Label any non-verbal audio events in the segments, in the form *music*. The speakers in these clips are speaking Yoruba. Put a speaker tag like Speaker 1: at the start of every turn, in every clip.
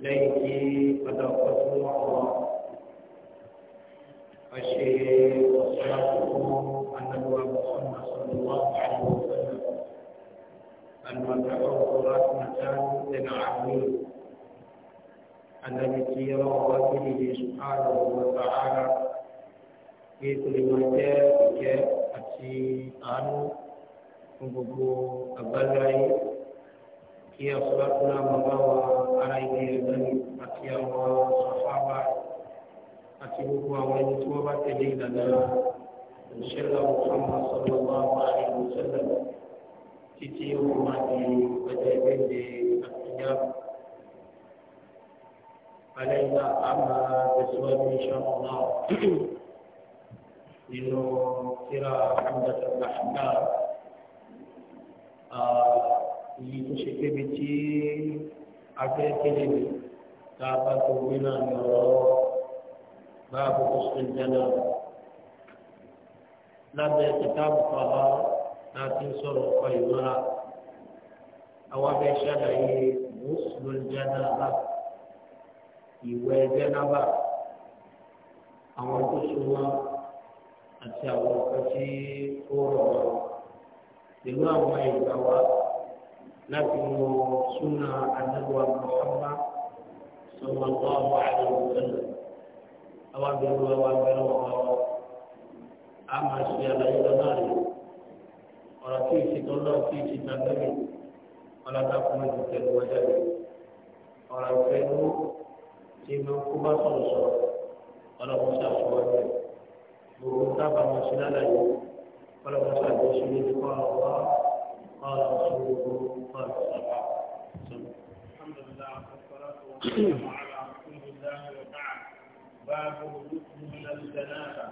Speaker 1: lẹ́yìn tí ọ̀dọ̀ ọkọ̀ tó wọ́n wọ́n ọ̀ṣẹ́ ọ̀ṣọ́lá fún anáwó àbùsọ̀nà sọ̀rọ̀ wọ́n àti ọ̀ṣọ́nà àlùmọ̀tàkọ̀ ọ̀rọ̀ àtúntà lẹ́nà àmúlò anábì tí ọlọ́wọ́ wá sí ìdíje sùpáàlù ọ̀wọ́ sàárà pé kò lè máa jẹ́ ìjẹ́ àti àánú fún gbogbo àgbáláyé kí ọ̀ṣọ́lá fún àmọ́ bá wà á ara ilé ẹ̀rọ àti àwọn àfáwà àti gbogbo àwọn ẹni tí wọ́n bá tẹ̀lé ìlànà ìṣẹ̀lẹ̀ ọ̀fọ̀mọ́ sọ̀rọ̀ bá wà nínú sẹ́lẹ̀ títí ó máa di ọjọ́ ìgbẹ́jẹ àtúnyá. Alẹ́ ìgbà a máa tẹ̀síwájú iṣẹ́ ọ̀nà nínú tíra àmúdàtàgbà náà. Èyí tó ṣe pébi tí akẹ́kẹ́lẹ́ mi tá a bá tó gbé náà ní ọ̀rọ̀ báàbò kòsìlẹ̀ jẹ́nà lábẹ́ kìtàbù fàá láti sọ̀rọ̀ ọ̀pọ̀ ìmọ̀ra àwọn abẹ́ ṣàlàyé mùsùlùmí jẹ́nà bá ìwẹ̀ jẹ́nà bá àwọn tó súnmọ́ àti àwọn ọ̀pọ̀ tí ó rọ̀ wọn pẹ̀lú àwọn ìgbà wa láti mọ súnà àdàbọ̀ àmọ́sábà sọ̀rọ̀ lọ́wọ́ àdàbọ̀ sẹ́lẹ̀. àwọn abẹ́rù wa bẹ̀rẹ̀ wọ̀ ọ́ a máa ṣe àlàyé lọ́nà rẹ̀ ọ̀rọ̀ tí ì ti tọ́lọ́ tí ì ti tàbí ọlọ́dà fún mi ti tẹ̀lé wọ́jà rẹ̀ ọ̀rọ̀ ìfẹ́ inú tí mo kú bá sọ̀rọ̀ sọ̀rọ̀ ọlọ́run ṣàfihàn قال رسوله عليه وسلم الحمد لله والصلاة والسلام على رسول الله وبعد باب الركن من الجنابة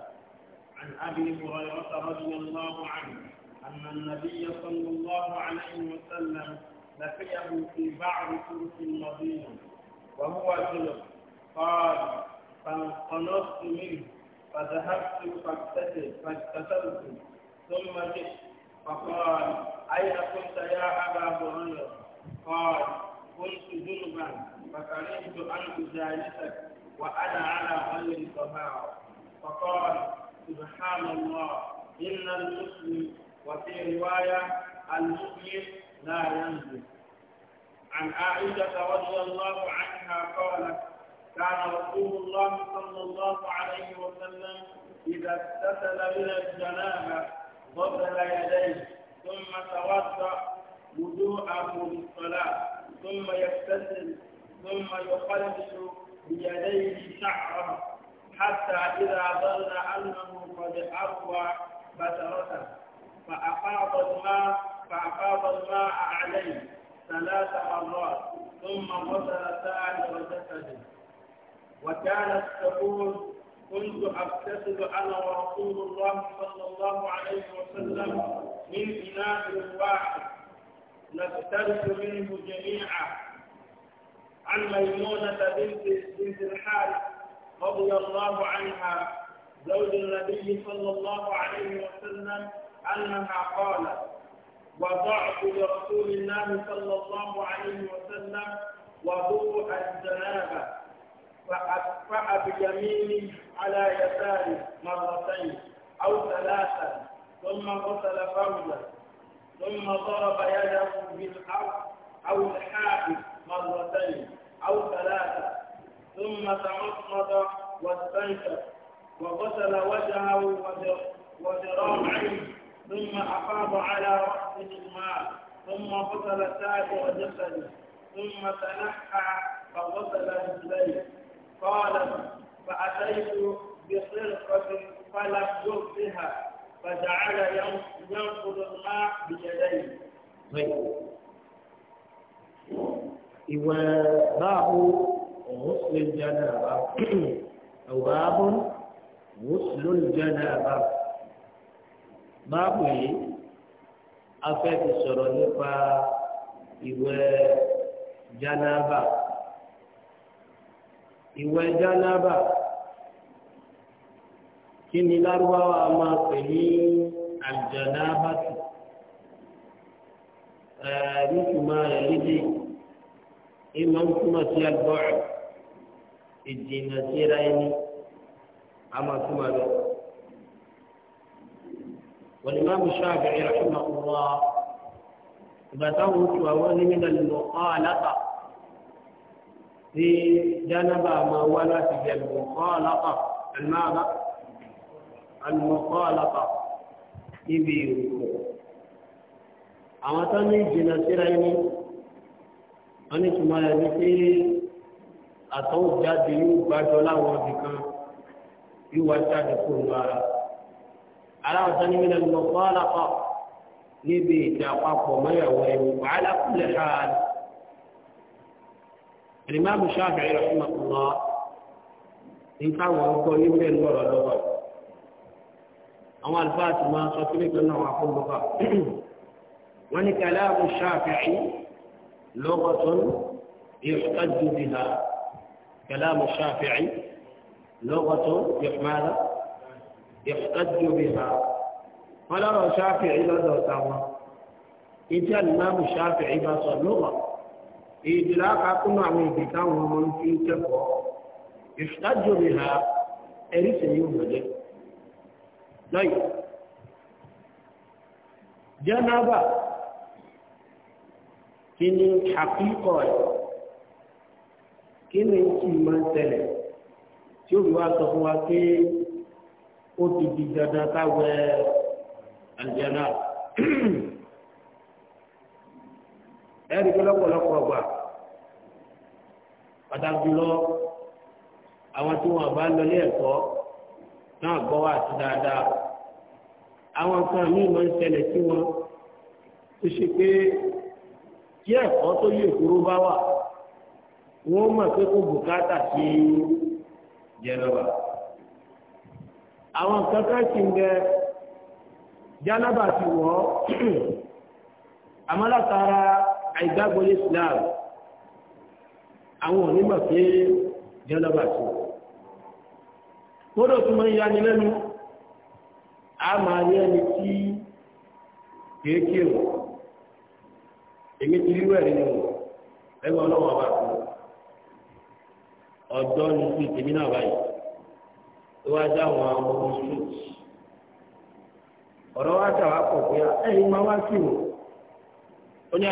Speaker 1: عن أبي هريرة رضي الله عنه أن النبي صلى الله عليه وسلم لقيه في بعض طرق المدينة وهو جلب قال فانقنصت منه فذهبت فاكتسب فاكتسبت ثم جئت فقال أين كنت يا أبا هريرة قال كنت جنبا فكرهت أن أجالسك وأنا على غير طهارة فقال سبحان الله إن المسلم وفي رواية المؤمن لا ينزل عن عائشة رضي الله عنها قالت كان رسول الله صلى الله عليه وسلم إذا اغتسل من الجنابة غسل يديه ثم توضأ وضوءه للصلاة ثم يبتسم ثم يقلص بيديه شعره حتى إذا ظن أنه قد اقوى بشرته فأفاض الماء فأفاض الماء عليه ثلاث مرات ثم غسل سائر جسده وكانت تقول كنت أغتسل أنا ورسول الله صلى الله عليه وسلم من إناء واحد نسترد منه جميعا عن ميمونة بنت بنت الحارث رضي الله عنها زوج النبي صلى الله عليه وسلم أنها قالت وضعت لرسول الله صلى الله عليه وسلم وضوء الجنابه فأدفع بيمينه على يساره مرتين أو ثلاثا ثم غسل فوزه ثم ضرب يده بالأرض أو الحائط مرتين أو ثلاثا ثم تمضمض واستنشق وغسل وجهه وذراعيه ثم أفاض على رأسه الماء ثم غسل سائر جسده ثم تنحى فغسل رجليه قال فأتيت بصرفة فلم يبقها فجعل ينقض الماء بيديه. طيب. وباب غسل الجنابة أو باب غسل الجنابة باب إيه؟ الشرور الشرطة إيوا جنابة ìwẹ̀ jánábà kí ni lárúbáwá máa pè ní àjànábàtù ẹ̀ẹ́dùnmá rẹ̀ lédè ìmọ̀ ń túmọ̀ sí agbọ́rọ̀ ìdènà síra ẹni a máa túmọ̀ lọ. والإمام الشافعي رحمه الله إذا توت وهو من المخالطة tí jánábà máa wá láti jẹ àlùmọ̀kọ́ọ̀lápà àlùmọ́ọ̀lá àlùmọ̀kọ́ọ̀lápà níbi ìrùkù àwọn tó ní ìjìnà síra ẹni wọ́n ní túmọ̀ rẹ̀ ní pé àtọ́wò jáde yóò gbájọ láwọn ibìkan yóò wá jáde kó lu ara aláwọ̀ tó ní mílẹ̀ àlùmọ̀kọ́ọ̀lápà níbi ìjà àpapọ̀ mọ́yàwó ẹni wàhálà kúlẹ̀ ṣáà Ìmáàmù Ṣáfi'í rahimahullah nǹkan àwọn ọkọ yìí bẹ́ẹ̀ lọ́rọ̀ lọ́wọ́ àwọn àlùfáà ti máa sọ kílé kan náà wà fún bọ́bà wọ́n ní kàláàmù Ṣáfi'í lughatun yuhtaju biha kàláàmù Ṣáfi'í lughatun yọ̀mọ́ra yuhtaju biha wọ́n lọ́rọ̀ Ṣáfi'í lọ́dọ̀ táwọn ìtí àlùmáàmù Ṣáfi'í bá sọ lọ́wọ́ èdè lákàtúnú àwọn èdè táwọn ọmọ ń fi kẹ́kọ̀ọ́ ìṣájú mi ha ẹ̀rí sẹ́yìn òmìnirẹ́ lọ́yìn jẹ́nàbà kí ni àkíkọ̀ ẹ̀ kí ni kí máa ń tẹ̀lẹ̀ tí ó wá sọ fún wa pé ó ti di dandan káwẹ́ àjẹ́nà ẹ̀rí pé lọ́pọ̀lọpọ̀ pàtàkì lọ àwọn tí wọn bá lọ ilé ẹ̀kọ́ náà gbọ́ wà sí dáadáa àwọn kan míì máa ń ṣẹlẹ̀ sí wọn tó ṣe pé tí ẹ̀kọ́ tó yẹ kúrò bá wà wọ́n mọ̀ pé kó bùkátà sí jẹnaba àwọn kankan sì ń bẹ jánaba ti wọ́ amálàtara *clears throat* àìgbàgbọ́ àwọn onímọ̀ pé jẹ́lọ́bà tó kódò tó máa ń yani lẹ́nu a máa ní ẹni tí kéèké wọ̀ èmi ti rí wẹ̀rí ni wọ̀ ẹgbẹ́ ọlọ́wọ́ bá tó ọ̀dọ́ ni tèmi náà báyìí tó wá dá àwọn ọmọ ọmọ ọ̀rọ̀ wa dà wá pọ̀ pé ẹ̀yin máa wá sí ó ní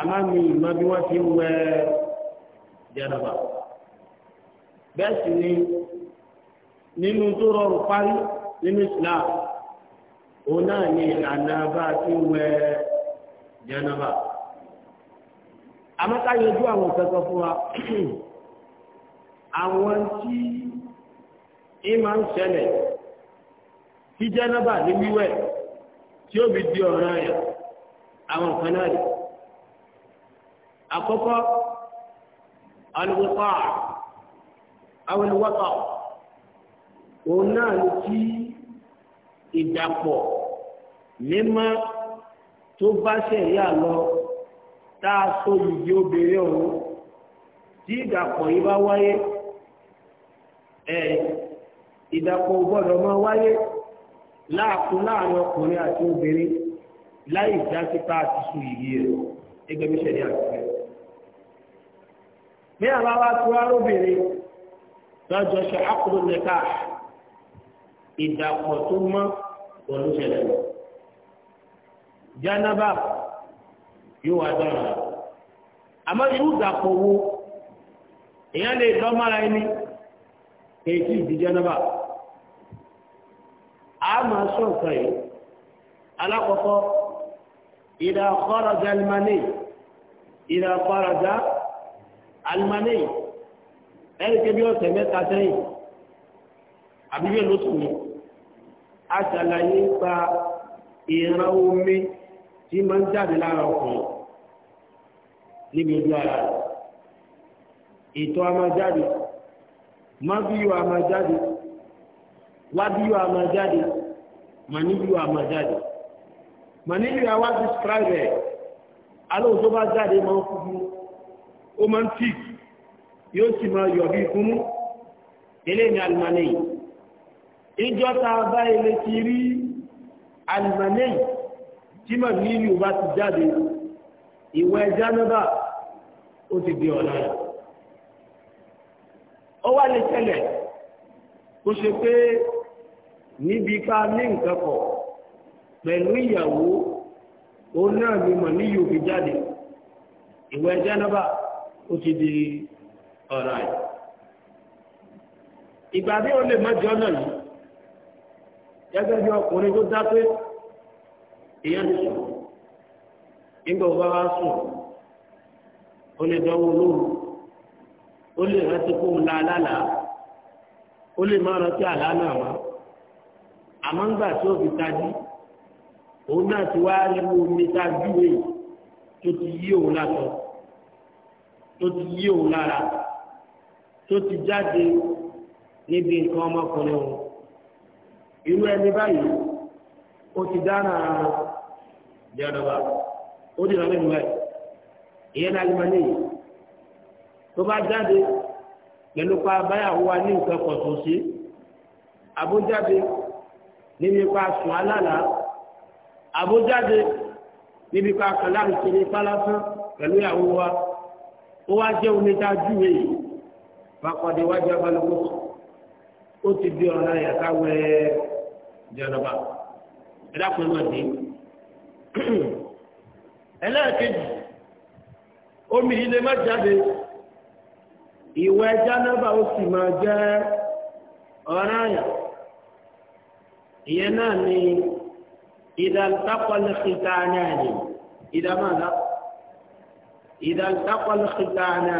Speaker 1: àmọ́ mi ìmọ̀ bí wọ́n ti ń wẹ jẹ̀rọ̀bà bẹ́ẹ̀ sì ni nínú tó rọrùn parí nínú Islam òun náà ni ìlànà a ti ń wẹ jẹ̀rọ̀bà àmọ́ ká yọjú àwọn kẹ́kọ̀ọ́ fún wa àwọn tí ìmọ̀ ń ṣẹlẹ̀ tí jẹ́nàbà ní wíwẹ̀ tí ó fi di ọ̀ràn yẹn àwọn kan náà rèé àkọ́kọ́ alùpùpà àwọn ìwọ́pà òun náà ló ti ìdàpọ̀ mímọ́ tó bá ṣẹ̀yà lọ tá a so yìí obìnrin ọ̀hún tí ìdàpọ̀ yìí bá wáyé ẹ̀ ìdàpọ̀ gbọ́dọ̀ máa wáyé láàkún láàrin ọkùnrin àti obìnrin láì dá síta àti sùn yìí rẹ̀ gẹ́gẹ́ bí ṣẹ̀yà àti bí àbá wa tó arúbìnrin lọ́jọ́ ṣe àkùrù nìka ìdàpọ̀ tó mọ́ pẹ̀lú ṣẹlẹ̀ lọ. jánábà yóò wá dára àmọ́ irú ìdàpọ̀ wo èèyàn lè dán ẹni èyí ìdí jánábà a máa sọ nǹkan yìí alákọ̀ọ́kọ́ ìdá kharaja al-mani alimami ẹni kẹbi ọ̀sẹ̀ mẹ́ta sẹ́yìn àbí bẹ́ẹ̀ ló sùn ní a ṣàlàyé nípa ìran omi tí máa ń jáde lára ọkùnrin níbi ojú ara rẹ̀ ìtọ̀ a máa jáde mábíyọ a máa jáde wábíyọ a máa jáde màníyọ bá jáde máa ń fúnfún ó máa ń tì yóò sì máa yọ̀ bí ikú mú ilé ní alìmọ̀lẹ́yìn ìjọ ta bá ilé ti rí alìmọ̀lẹ́yìn tí mọ̀ ní ìlú bá ti jáde ìwẹ̀ jánábà ó ti di ọ̀la rẹ̀ ó wá lè tẹ́lẹ̀ kó ṣe pé níbi ká ní nǹkan pọ̀ pẹ̀lú ìyàwó òun náà ni mọ̀ ní ìlú fi jáde ìwẹ̀ jánábà ó ti di ọ̀rọ̀ àyè ìgbà bí ó lè má jẹ́ ọ̀nà yìí gẹ́gẹ́ bí ọkùnrin tó dá pé èèyàn ti sùn nígbà wo bá wá sùn ó lè dánwó lóru ó lè rántí kó ń la lálàá ó lè má rántí àlá náà wá àmọ́ ńgbà tí ó fi tají òun náà ti wá rí omi tajú èyí tó ti yí òun látọ̀ tó ti yí òun lára tó ti jáde níbi nǹkan ọmọkùnrin òun irú ẹni báyìí ó ti dáná jẹrọba ó dìrọ nínú ẹ ìyẹn náà lè máa níyì tó bá jáde pẹ̀lú pa báyàwó wa ní nǹkan kọ̀tún sí abójáde níbi pa sùn alálàá abójáde níbi pa kàlá ìṣeré pálásán pẹ̀lú ìyàwó wa ó wá jẹ́ omi tá a júwe yìí bàkọ́dé wájú abalùkù ó ti di ọ̀nà yàtá wẹ́ jẹ̀nàbà ẹ̀dá kan náà dé *clears throat* ẹlẹ́ẹ̀kejì omi yìí má jáde ìwẹ̀ jẹ̀nàbà ó sì máa jẹ́ ọ̀nà yàtá ìyẹn náà ni ìdàlùtàkọ̀lẹ̀ kìtà náà ìdàmàlà ìdàgbàpọ̀lù kìtàánà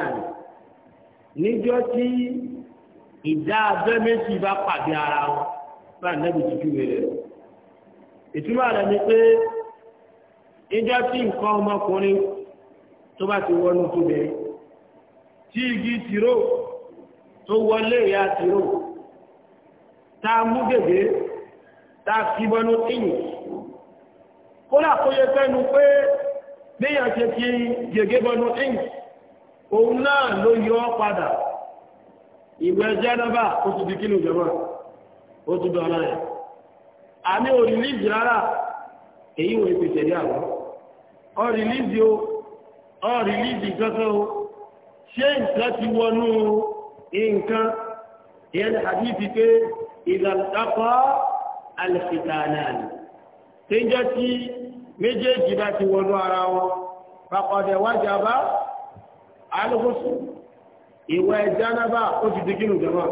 Speaker 1: níjọ́ tí ìdá abẹ́ méjì bá pàdé ara wọn bá nẹ́bí tuntun rẹ̀ ìtumọ̀ rẹ̀ ni pé níjọ́ tí nǹkan ọmọkùnrin tó bá ti wọnú tó bẹ̀rẹ̀ tí igi tìró tó wọlé ìyá tìró tá a mú gègé tá a fi bọnú tìyìn kó làkóyè fẹ́nu pé léyà ṣe ti gègé bọnu ink òun náà ló yọ ọ padà ìwẹ̀ jẹ́nàbà ó ti di kílò jọmọ́ ó ti dọ̀ọ́lá yẹn àmì ò rìlíìsì rárá èyí wò èpè tẹ̀lé àwọn ọ rìlíìsì o ọ rìlíìsì kankan o ṣé nǹkan ti wọnú nǹkan ìyẹn àdífi pé ìlànà àkọ́ àlẹ́fìtà náà ni tẹ́jọ́ tí méjèèjì bá ti wọnú ara wọn pàkọ̀dẹ̀ wájà bá alùpùpù ìwẹ̀ jánábà ó ti di kínú jọmọ́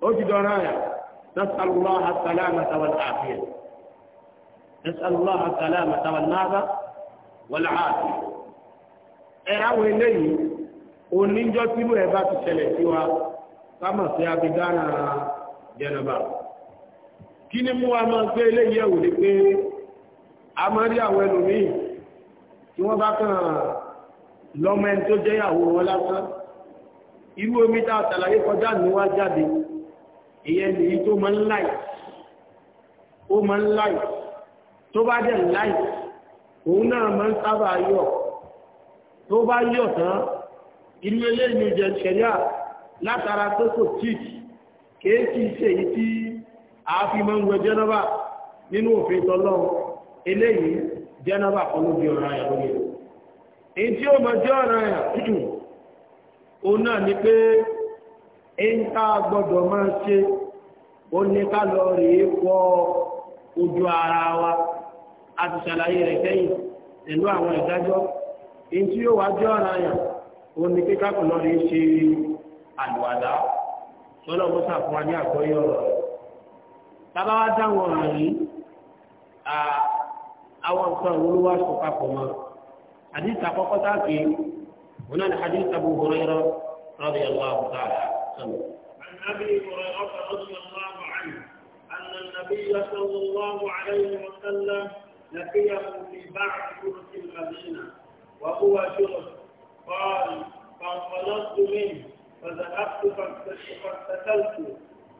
Speaker 1: ó ti dọ̀rọ̀ àyà nasalúlá àtàlà àmàtàwọn àfíà nasalúlá àtàlà àmàtàwọn náà wọlé àfíà ẹ àwọn eléyìí oníjọ́ tínú ẹ̀ bá ti ṣẹlẹ̀ sí wa ká sí abidánà jẹnabà kí ní mú a máa gbé ilé yẹ̀wò ní pé a máa rí àwọn ẹlòmíì tí wọ́n bá kàn lọ́mọ ẹni tó jẹ́ ìyàwó wọn lásán irú omi tá a tàlàyé kọjá níwá jáde ìyẹn nìyí tó máa ń láì ó máa ń láì tó bá dẹ̀ láì òun náà máa ń sábà yọ̀ tó bá yọ̀ tán irú eléyìí jẹ́ ṣẹ̀yà látara pé kò tíì kéèkì ṣèyí tí àáfi máa ń wẹ jẹ́nàbà nínú òfin tọ́lọ́run eléyìí jẹ́nàbà kan ló di ọ̀ràn àyà lórí rẹ̀ èyí tí ó máa jẹ́ ọ̀ràn àyà òun náà ni pé ń tá gbọ́dọ̀ máa ṣe ó ní ká lọ rèé pọ ojú ara wa a ti ṣàlàyé rẹ̀ sẹ́yìn pẹ̀lú àwọn ìdájọ́ èyí tí yóò wá jẹ́ ọ̀ràn àyà òun ni kíkà kò lọ rèé ṣe àlùwàlá sọlọ́ọ̀mọ́sà fún wa ní àgbọ́yé ọ̀rọ̀ rẹ̀ tábà wá dáwọn ọ̀ràn yìí àwọn nǹkan òun ló wá sọ papọ̀ mọ́ àdìsí àkọ́kọ́ táàkì wọn náà ní àdìsí Abu Hurairah radiyallahu ta'ala sọ̀rọ̀. ànábì Hurairah radiyallahu anhu في بعض طرق المدينة وهو جرس قال فانطلقت منه فذهبت فاغتسلت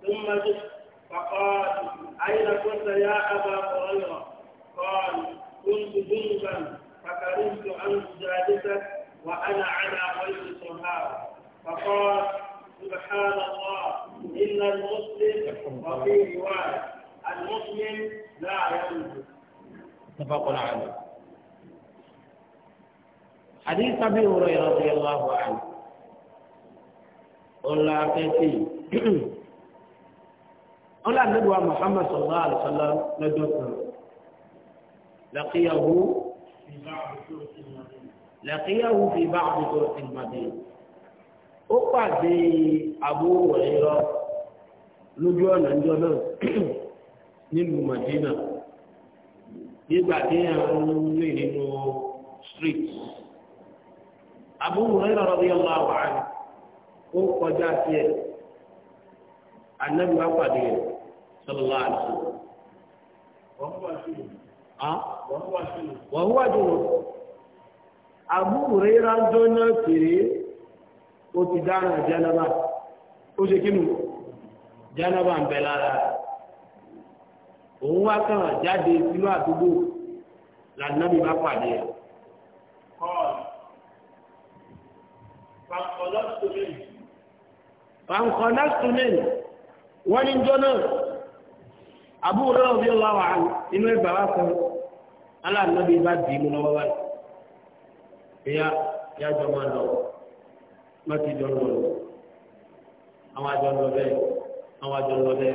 Speaker 1: ثم جئت فقال أين كنت يا أبا هريرة قال كنت جنبا فكرهت أن أجالسك وأنا على غير طهارة فقال سبحان الله إن المسلم وفي رواية المسلم لا ينجو اتفق عليه حديث أبي هريرة رضي الله عنه قل لا *clears throat* wọ́n lá nílùú Muhammad sallallahu alaihi wasallam lọ́jọ́ kan laqiyahu laqiyahu fi ba'd turuqil Madina ó pàdé Abu Hurayra lójú ọ̀nà ìjọ náà *clears throat* nílùú Madina nígbà tí àwọn olè nínú street Abu Hurayra radiyallahu anhu ó kọjá sí ẹ̀ anábìwá pàdé rẹ̀ sallallahu alaihi wasallam. wọ́n wá jùlọ. Abu Hurairah ń dọ́nà kiri ó ti dára jẹ́nàbà ó ṣe kínú jẹ́nàbà ń bẹ lára òun wá kàn jáde sínú àdúgbò lànàbí bá pàdé ẹ̀. Fankọ̀lá Sumin. Fankọ̀lá Sumin wọ́n ní jọ Abu Hurairah radiyallahu anhu inú ẹgbà wá kan ala jọ lọ ti jọ lọ lọ lọ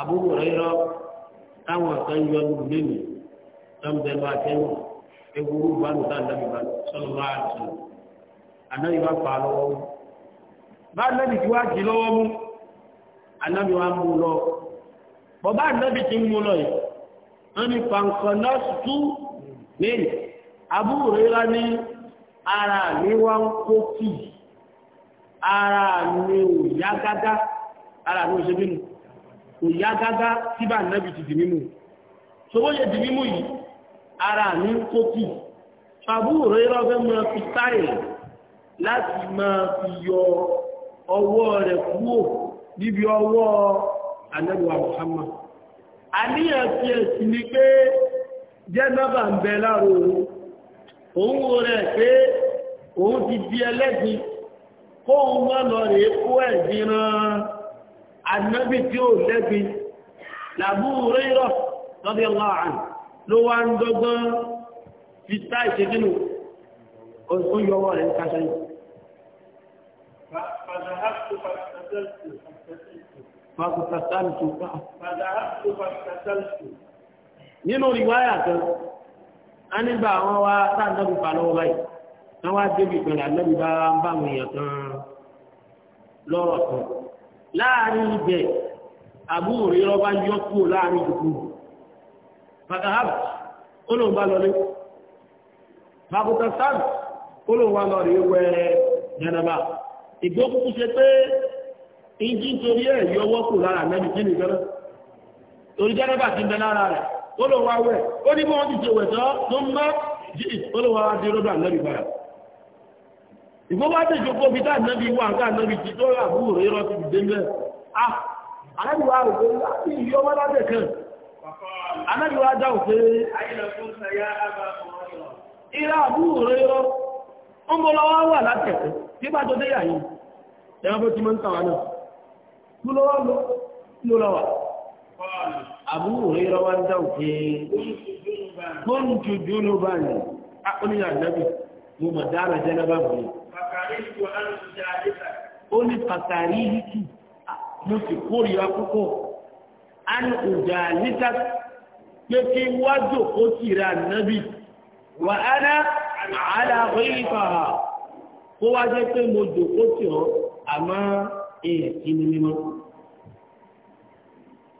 Speaker 1: Abu Hurairah táwọn kan yọ lù lẹ́nu tọ́mùtẹ́ lọ àtẹ́wọ̀n ewúrú bánu tá àdábì bánu sọ́nù bá a sọ ànábì bá fà á lọ́wọ́ mú bá ànábì tí wàá jì bọ̀bá ànábì ti mú lọ yìí wọ́n ní pankonos tú nílì àbúrò ní ara mi wá ń kó kì ara mi ò gágá ara mi ò ṣe mímu kò yá gágá tí bá ànábì ti di mímu sowó yẹ di yìí ara mi ń kó kì í àbúrò rírá fẹ́ mọ fi táyà láti máa fi yọ ọwọ́ rẹ̀ kúrò níbi ọwọ́ ọ anẹ́wà Muhammad àníyàn tí ẹ̀ sì ni pé jẹ́nàbà ń bẹ láàrò òun wo rẹ̀ pé òun ti di ẹlẹ́gbin kóhun mọ́ lọ rèé kó ẹ̀gbin ran anẹ́bì tí ó lẹ́gbin làbú rírọ̀ lọ́dẹ̀ láàrín ló wá fàkùtàtàlùtù nínú ìwáyà kan a nígbà àwọn wa sáàdọ́bù pa lọ́wọ́ báyìí wọ́n wá débi ìpínlẹ̀ àlẹ́bí bá ń bá àwọn èèyàn kan lọ́rọ̀ kan láàrin ibẹ̀ àbúrò rí rọ́bá yọ kúrò láàrin ìdùkú fàkàhàbù ó lòun bá lọlé fàkùtàtàlù ó lòun wá lọ rí wẹ jẹnaba ìgbókùnkùn ìjì torí ẹ̀ yọ kù lára ànábì kí nìkan torí jẹ́nẹ́bà ti bẹ lára rẹ̀ ó ó ní ti ṣe tó ń jí fi wà ká ànábì ti tó àbúrò rẹ̀ rọ́ ti dìde lọ́wọ́ lọ ló lọ́wọ́. àbúrò rẹ̀ lọ́wọ́ ń dáhùn pé kóńtù dúró bá ní akóníyà nábì mo mọ̀ dára jẹ́ nábà bò ní. ó ní pàtàkì yìí kì mo sì kórìíra púpọ̀ á ní ọjà níta pé kí wájú kó sì ra nábì wà á ná àlà ìfà kó wá jẹ́ pé mo jòkó tì ọ́ àmọ́ èèyàn kí ni mímọ́.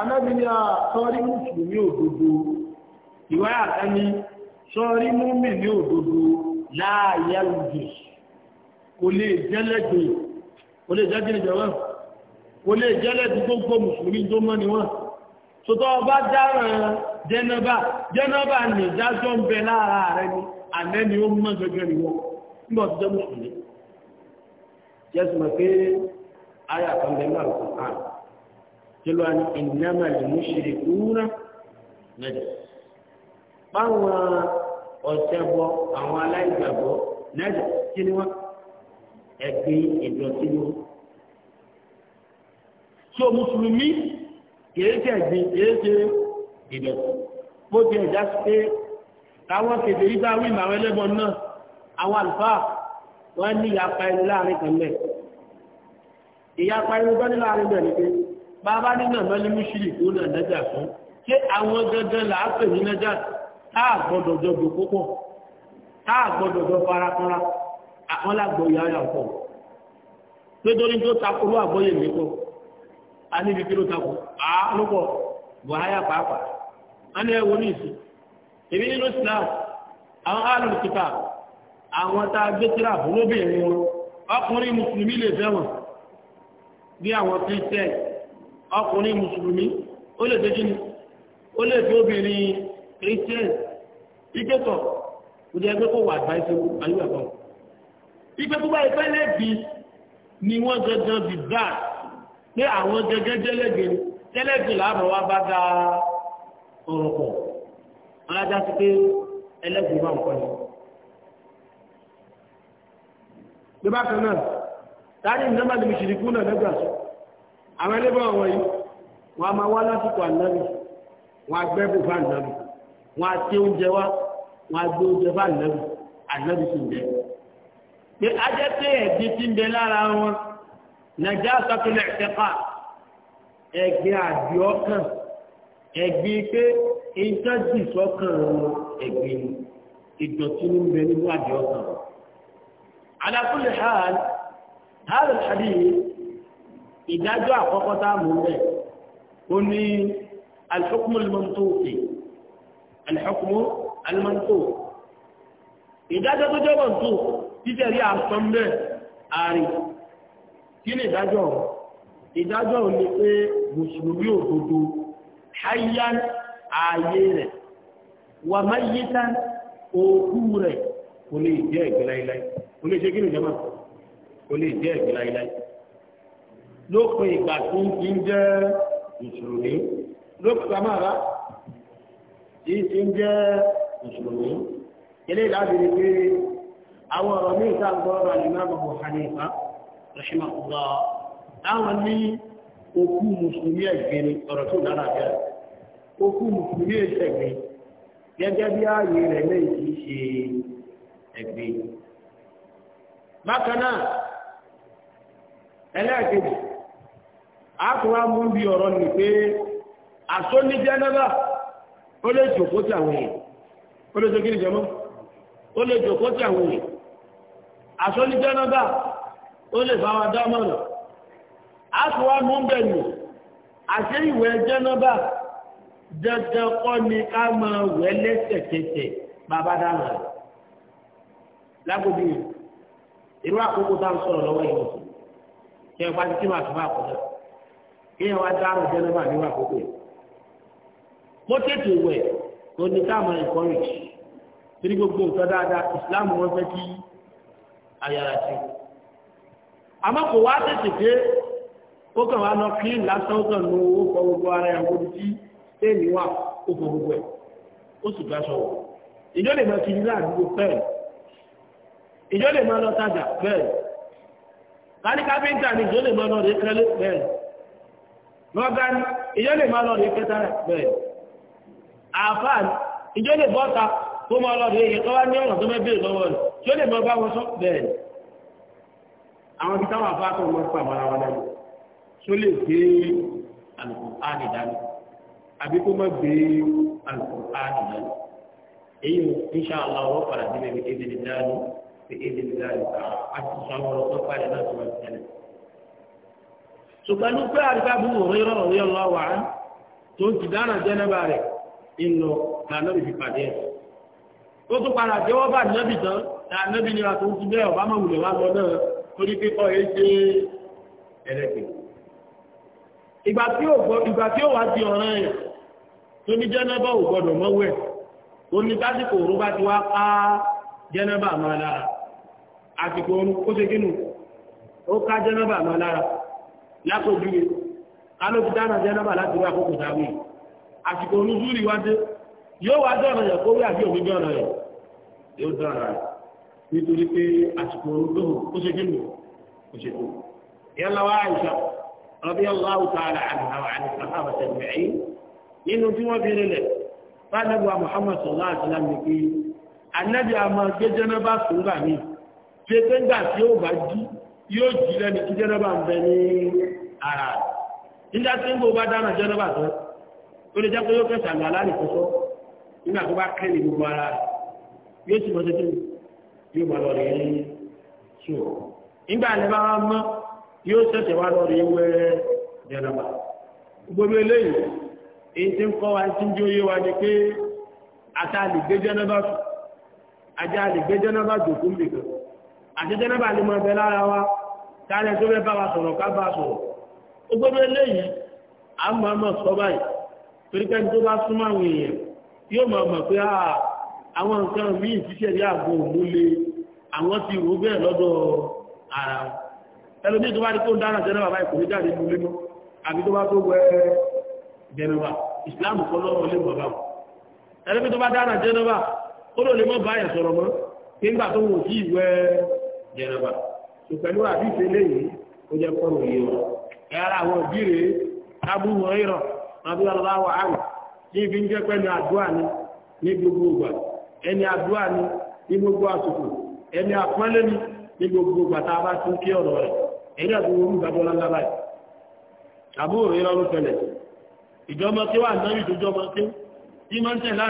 Speaker 1: Anábi ni a sọ́rí mùsùlùmí òdodo, ìwá àtẹ́ni sọ́rí múmi ní òdodo láàyẹ òjò, kò lè jẹ́lẹ́gbẹ̀, kò lè jẹ́gbẹ̀ jẹ́wọ́, kò lè jẹ́lẹ́gbẹ̀ gbogbo mùsùlùmí tó mọ́ ni wọ́n. Sọ́tọ́ ọba dáràn jẹ́nàbà, jẹ́nàbà ní aya kan bẹ náà kò hàn tí ló wà ní ìnáma lè mú ṣe kúrúnà nàdì báwọn ọ̀tẹ́bọ àwọn aláìgbàgbọ́ nàdì kí ni wọ́n ẹ̀gbin ìdọ̀tí ni wọ́n. tí o mùsùlùmí kìí ṣe ẹ̀gbin kìí ṣe bó ti ẹ̀já sí pé táwọn kèdè yìí bá wí màwọn náà àwọn àlùfáà wọ́n ní ìyapa ẹni láàrin kan mẹ́rin ìyapa irun bẹ́ẹ̀ nílò àárín bẹ́ẹ̀ ni pé bàbá nínà mẹ́lí mùsùlùmí kó nà nẹ́jà fún ṣé àwọn gẹ́gẹ́ là á pè ní nẹ́jà tá a gbọ́dọ̀ jọ gbò púpọ̀ tá a gbọ́dọ̀ jọ farakanra àwọn làgbọ̀ ìyá yà pọ̀ pé torí tó takò ló mi pọ̀ a níbi kí ló takò á ló pọ̀ buhari pàápàá a ní ẹwọ ní ìsìn èmi nínú Islam àwọn alùpùpù àwọn tá a gbé tíra fún lóbìnrin wọn ọkùnrin mùsùlùmí lè fẹ́ wọn bí àwọn christian ọkùnrin mùsùlùmí ó lè dojú ni ó lè fi obìnrin christian ìjẹ́tọ̀ kò jẹ́ pé kó wà àgbáyé ayúwà kan ipe tó bá ipẹ́ lẹ́bi ni wọ́n gangan bí bad pé àwọn gẹ́gẹ́ jẹ́lẹ́gbẹ̀ jẹ́lẹ́gbẹ̀ làbọ̀ wá bá da náà tàbí ìnáma lè ṣìrì kú náà lẹ́gbà sọ àwọn ẹlẹ́bọ̀ àwọn yìí wọ́n a máa wá lásìkò ànábì wọ́n a gbẹ́ bù fún ànábì wọ́n a tẹ oúnjẹ wá wọ́n a gbé oúnjẹ fún ànábì ànábì sì ń bẹ. pé ajẹ́ pé ẹ̀dí ti ń bẹ lára wọn nàìjíríà sọ́kìlẹ̀ ẹ̀tẹ́fà ẹ̀gbin àbí ọkàn ẹ̀gbin pé ìtọ́jú sọ́kàn wọn ìdọ̀tí ń bẹ nínú àbí ọkàn. alákùnrin hàn hàlù àbí ìdájọ́ àkọ́kọ́ tá a mú bẹ́ẹ̀ ó ní alḥukmu almantuqi alḥukmu almantuqi ìdájọ́ tó jẹ́ mọ̀tò títẹ̀ rí àsán bẹ́ẹ̀ ààrẹ kí ni ìdájọ́ ìdájọ́ ò ní pé mùsùlùmí òdodo hayyan ààyè rẹ̀ wà máyíta òkú rẹ̀ kò lè jẹ́ ìgbẹ́láìláì kò lè ṣe kí ni ìjọba kò lè jẹ́ ẹ̀gbin láíláí lópin ìgbà tí ń fi ń jẹ́ mùsùlùmí lópin àmọ́ àbá tí ń fi ń jẹ́ mùsùlùmí eléyìí láti rí pé àwọn ọ̀rọ̀ míì tá a gbọ́ ọ̀rọ̀ Imam Abu Hanifa rahimahullah táwọn ní okú mùsùlùmí ẹ̀gbin ọ̀rọ̀ tó dára jẹ́ okú mùsùlùmí ẹ̀gbin gẹ́gẹ́ bí ààyè rẹ̀ lẹ́yìn kìí ṣe ẹ̀gbin bákan náà ẹlẹ́ẹ̀kejì àtúwá mú bí ọ̀rọ̀ ni pé àṣọ ní jẹ́nẹ́bà ó lè jòkó tí àwọn èèyàn ó lè jòkó tí àwọn èèyàn ó lè jòkó tí àwọn èèyàn àṣọ ní jẹ́nẹ́bà ó lè bá wa dá mọ̀nà àtúwá mú bẹ̀ nù àṣẹ ìwẹ̀ jẹ́nẹ́bà dandan kọ́ ni ká máa wẹ̀ lẹ́sẹ̀kẹsẹ̀ bàbá dáná rẹ̀ lágbóbi irú àkókò tá à ń sọ̀rọ̀ lọ́wọ́ yìí kí ẹ wá sí tíma àtúbà kọ náà kí ẹ wá dáhùn jẹnẹba níwà àkókò yìí mo tètè wẹ òní táwọn encourage torí gbogbo nǹkan dáadáa ìsìláàmù wọn fẹ́ kí ayára sí àmọ́ kò wá tètè dé ó kàn wá lọ kí lásán ó kàn nu owó kọ gbogbo ara ẹ̀ wọ́n ti téèmì wà ó fọ gbogbo ẹ̀ ó sì gbà sọ̀rọ̀ ìjọ lè máa kiri láàdúgbò bẹ́ẹ̀ ìjọ lè máa lọ tajà bẹ́ẹ̀ kárí kápẹ́ńtà ni ìjọ lè máa lọ rèé kẹ́lé bẹ́ẹ̀ lọ́gá ni ìjọ lè máa lọ rèé kẹta bẹ́ẹ̀ àfáà ìjọ lè bọ́ta tó máa lọ rèé yẹn kọ́wá ní ọ̀nà tó mẹ́ bèèrè lọ́wọ́ rẹ̀ tí ó lè máa bá wọn sọ bẹ́ẹ̀ àwọn ibi táwọn afáà tó máa pàmò ara wọn lẹ́nu tó lè gbé àlùkò bèèdè nígbà àti sọ̀rọ̀ ọ̀rọ̀ tó parí náà tó wọ́n tẹ́lẹ̀. ṣùgbọ́n nípa àríkà wà á tó ti dáná jẹ́nẹ́bà rẹ̀ nínú lànàbì fi pàdé ẹ̀. ó tún padà jẹ́wọ́ bá nẹ́bì tán lànàbì ti bẹ́ẹ̀ ọ̀bá wá lọ náà torí pípọ̀ èé ṣe ìgbà àsìkò oorun ó ṣe kínú ó ká jẹ́nàbà mọ́ lára látòjúwe alóbi dáná jẹ́nàbà láti rí àkókò sáré àsìkò oorun zúrì wá dé yóò wá dọ̀rọ̀ yẹ̀ kó rí àbí òfin dọ̀rọ̀ yẹ̀ yóò dọ̀rọ̀ rẹ̀ nítorí pé àsìkò oorun tó ó ṣe kínú ó ṣe kó yálà wá àìsà rọ̀bí aláwọ̀ tààrà àdìhàwà àdìsàkàwà tẹ̀lẹ̀ nínú tí wọ́n fi rinlẹ̀ fáwọn ẹgbẹ́ Muhammad sallallahu alaihi wasallam ni pé anábì àmọ́ gbé jẹ́nàbà sùn míì tẹ́tẹ́ngbà tí ó bá jí yóò jí lẹ́ni kí jẹ́nàbà ń bẹ ní ara nígbà tí ń gbò bá dáná jẹ́nàbà tó ó lè jẹ́ pé yóò kẹsà ní aláàlì kọ́sọ́ nígbà tó bá kẹ́lì gbogbo ara yóò sì mọ́ tẹ́tẹ́ yóò bá lọ rí sí o nígbà ní bá wá mọ́ yóò ṣẹ̀ṣẹ̀ wá lọ rí wẹ́ jẹ́nàbà gbogbo eléyìí èyí tí ń kọ́ wa tí ń jó yé wa ni pé àtàlì gbé jẹ́nàbà ajá àlè gbé jẹ́nàbà jòkó nìkan àti jẹ́nẹ́bà lè mọ̀ bẹ lára wa káàlẹ̀ tó bẹ́ bá wa sọ̀rọ̀ ká bá sọ̀rọ̀ ó gbọ́dọ̀ eléyìí a mọ̀ mọ̀ sọ báyìí torí pé tó bá súnmọ́ àwọn èèyàn yóò mọ̀ mọ̀ pé ah, àwọn nǹkan míì ṣiṣẹ́ ní àgbo òmúlé àwọn ti rò bẹ́ẹ̀ lọ́dọ̀ ara wọn ẹlòmí tó bá rí tó ń dára jẹ́nẹ́bà báyìí kò ní jáde bá ó lò lè mọ́ báyẹ̀ sọ̀rọ̀ mọ́ nígbà tó wò sí ìwẹ́ jẹnaba tó pẹ̀lú a lẹ́yìn ó jẹ́ kọ́rọ̀ yìí wọn. ẹ̀yára àwọn òbí rèé Abu Huraira àbí aláwọ̀ àrùn ní ibi ń jẹ́ pẹ̀lú àdúrà ni ní gbogbo ìgbà ẹni àdúrà ni ní gbogbo àsìkò ẹni ni ní gbogbo ìgbà tá a bá tún kí ọ̀rọ̀ rẹ̀ ẹ̀yìn gbàgbọ́ báyìí. fẹlẹ̀ ìjọba tí wà tí tí máa ń tẹ̀lé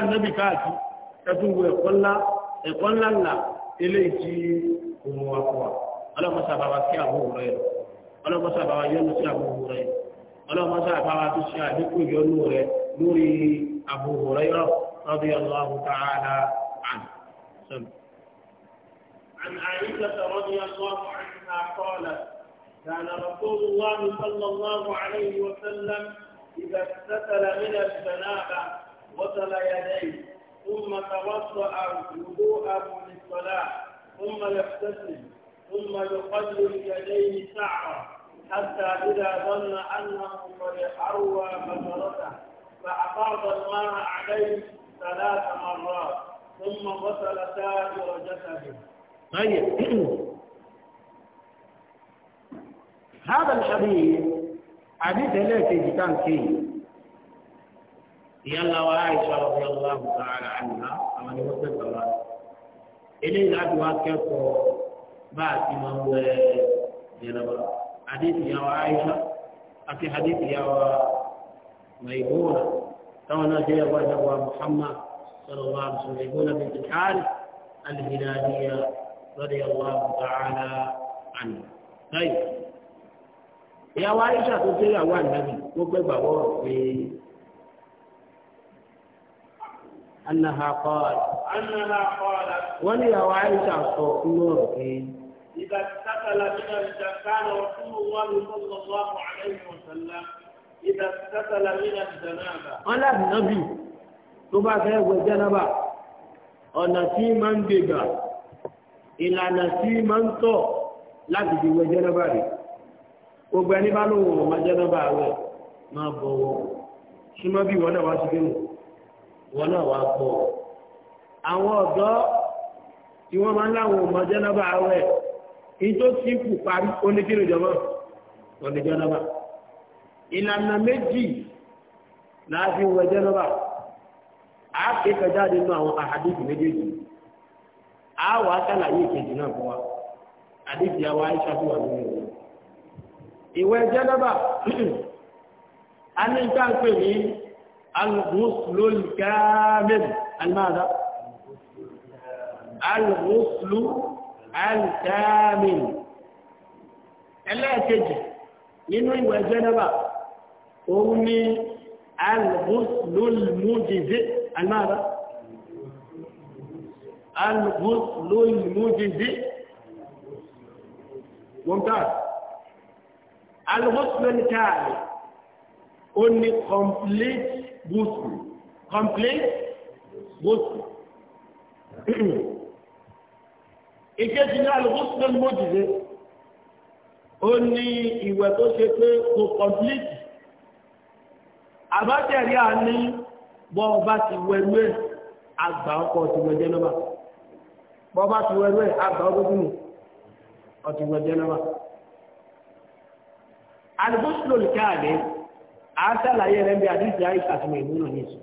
Speaker 1: kó mú wa fún wa ọlọ́mọṣà bá wa kí àbúrò rẹ ọlọ́mọṣà bá wa yọ́nú sí àbúrò rẹ ọlọ́mọṣà bá wa tó ṣe àdínkù yọ́nú rẹ lórí àbúrò rẹ yọ rọ́bì ọlọ́hu tààlà àn sọ́mi. عن عائشة رضي الله عنها قالت كان رسول الله صلى الله عليه وسلم إذا اغتسل من الجنابة غسل يديه ثم توضأ وضوءه للصلاة ثم يحتسب ثم يقلب يديه سعرا حتى إذا ظن أنه قد أروى بصرته فأفاض الماء عليه ثلاث مرات ثم غسل سائر جسده. طيب هذا الحديث حديث ليس جدان فيه يلا وعائشة رضي الله تعالى عنها كما يوصف الله eléyìí láti wá kẹ́kọ̀ọ́ bá a ti máa ń wẹ jẹnaba hadithi ya wa Aisha àti hadithi ya wa Maimuna táwọn náà jẹ́ ẹ̀wọ́ ìjọba Muhammad sallallahu alaihi wa sallam Maimuna bint al-Harith al-Hilaliya radiyallahu ta'ala anha. ìyá wa Aisha tó tẹ́lẹ̀ àwọn ànábì tó gbẹ́gbàá wọ́rọ̀ pé أنها قالت أنها قالت ولي عائشة صوت نورك إذا اتصل من كان رسول الله صلى الله عليه وسلم إذا اتصل من الجنابة قال النبي tó bá fẹ́ wẹ̀ jẹ́nàbà ọ̀nà tí máa ń gbègbà ìlànà tí máa ń tọ̀ láti fi wẹ̀ jẹ́nàbà rẹ̀ gbogbo ẹni bá lóun ọ̀mọ jẹ́nàbà rẹ̀ máa bọ̀wọ̀ súnmọ́ bí wọn náà wá sí kéwòn wọn náà wá pọ̀ àwọn ọ̀dọ́ tí wọ́n máa ń láwọn ọmọ jẹ́nàbà awẹ́ ìjọ tí kù parí oníkìlì jọmọ́ ọ̀nì jẹ́nàbà ìlànà méjì láti wọ jẹ́nàbà a kéka jáde nínú àwọn àhàdìsì méjèèjì a wà á sàlàyé ìkejì náà fún wa àdìsì àwọn àìsà tó wà nínú ìwé ìwé jẹ́nàbà *clears throat* a ní ìtàǹpẹ̀ ní الغسل الكامل الماذا الغسل الكامل ẹlẹ́ẹ̀kejì nínú ìwẹ̀ jẹ́nẹ́bà òun ni alhuslulmujizi alára alhuslulmujizi wọ́ntáà الغسل ó ní complete boastful. Complain, boastful. *clears throat* Ìkejì ní àlùkòsílẹ̀ ni mo dìde. Ó ní ìwẹ̀ tó ṣe pé kò complete. Àbátẹ̀rí à ní bọ́ ọba ti wẹ̀lú ẹ̀ àgbà ọkọ̀ ti wẹ̀ jẹ́nàbà. Bọ́ ọba ti wẹ̀lú ẹ̀ àgbà ọkọ̀ ti wẹ̀ ọ̀tí wẹ̀ jẹ́nàbà. Àlùkòsílẹ̀ olùkẹ́ àdé a ṣàlàyé rẹ̀ bí àdíjì àìṣà tí mẹ́rin nínú ní ìṣù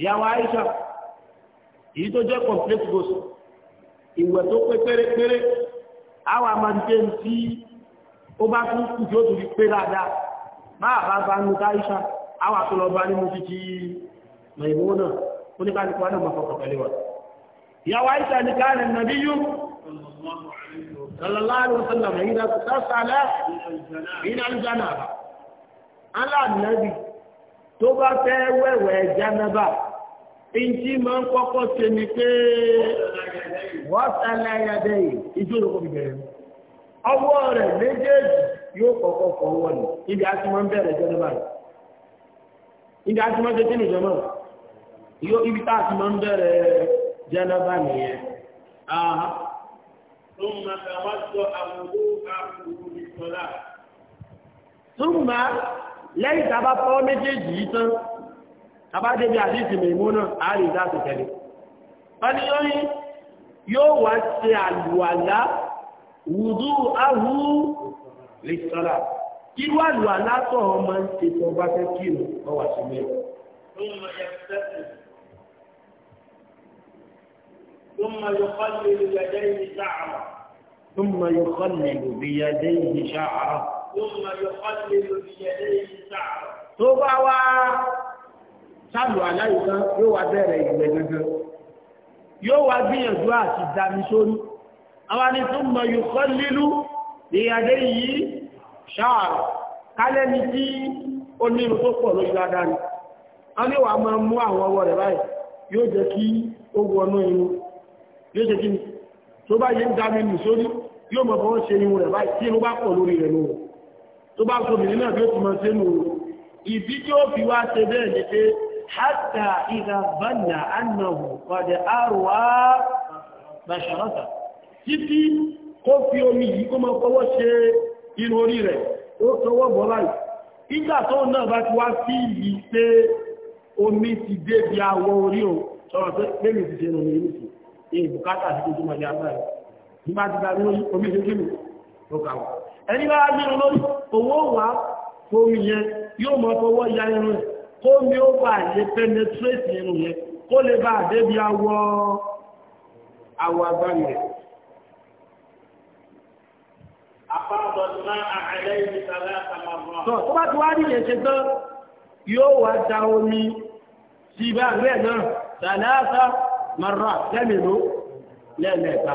Speaker 1: ìyàwó àìṣà èyí tó jẹ́ complete goals ìwẹ̀ tó pé pérépéré àwọn amadíjẹ́ ń tí ó bá tún kù tí ó tún fi pé dáadáa máa bá bá nu àìṣà àwọn àtúnlọ́ba ní mo ti ti mẹ́rin nínú náà ó ní ká ní kó wá náà mọ̀ kọ̀ọ̀kan pẹ̀lú wa ìyàwó àìsà ní káàrin nàbí yóò
Speaker 2: sallallahu alaihi wasallam ìdá tó sálẹ̀ ìdá ìjànà
Speaker 1: aláàbí tó bá fẹ́ wẹ̀wẹ̀ jánábà ìjì máa ń kọ́kọ́ ṣe ni pé wọ́sálà yàdẹ yìí ìjọ olóko fi bẹ̀rẹ̀ ọwọ́ rẹ̀ méjèèjì yóò kọ́kọ́ fọwọ́ ni ibi àti máa ń bẹ̀rẹ̀ jánábà rẹ̀ ibi àti máa ń tẹ́tí nìjọ náà yóò ibi tá a ti máa ń bẹ̀rẹ̀ jánábà nìyẹn. ثم توضأ وضوءه للصلاة lẹ́yìn tàbá fọ́ méjèèjì yìí tán tàbá débi àdíjì mẹ́múnà àárín ìdáàtò tẹ̀lé ọdíyọ́rí yóò wá ṣe àlùwàlá wùdú ahú lè sọ́lá irú àlùwàlá tó ọmọ ń ṣe tó bá fẹ́ kí ìrù ọwà sí mẹ́rin ثم يخلل بيديه شعره tó bá wá sálù aláìsàn yóò wá bẹ̀rẹ̀ ìgbẹ́ gangan yóò wá gbìyànjú àti dami sórí àwọn ni tó mọ̀ yóò kọ́ lílú ìyàdé yìí ṣáàrù kálẹ́ni tí ó ní irun tó pọ̀ lójú dáadáa ni wọ́n ní wàá máa mú àwọn ọwọ́ rẹ̀ báyìí yóò jẹ́ kí ó wọnú irun yóò jẹ́ kí ni tó bá yẹ ń dami nù sórí yóò mọ̀ fọwọ́ ṣe irun rẹ̀ tó bá sọ mìíràn náà bí ó ti mọ̀ sínú ìdí tí ó fi wá ṣe bẹ́ẹ̀ ni pé hátà ìdá bánà ánàwò pàdé àrùwá bàṣàrọ́tà títí kó fi omi yìí kó mọ́ fọwọ́ ṣe irun orí rẹ̀ ó tọwọ́ bọ́ láì ìgbà tó ìbùkátà àti tuntun mọ̀ ní agbára nígbà tí omi ṣe kí mi ó ẹni bá gbẹ̀rún lórí owó wà fómi yẹn yóò mọ fọwọ́ ya irun ẹ̀ kó mi ó bà lè penetrate irun yẹn kó lè bá débi awọ awọ agbára rẹ̀. Tó bá ti wá rí yẹn ṣe yóò wá da omi sí ibà rẹ̀ náà, tàlátà mara lẹ́mìnú lẹ́mẹ̀ta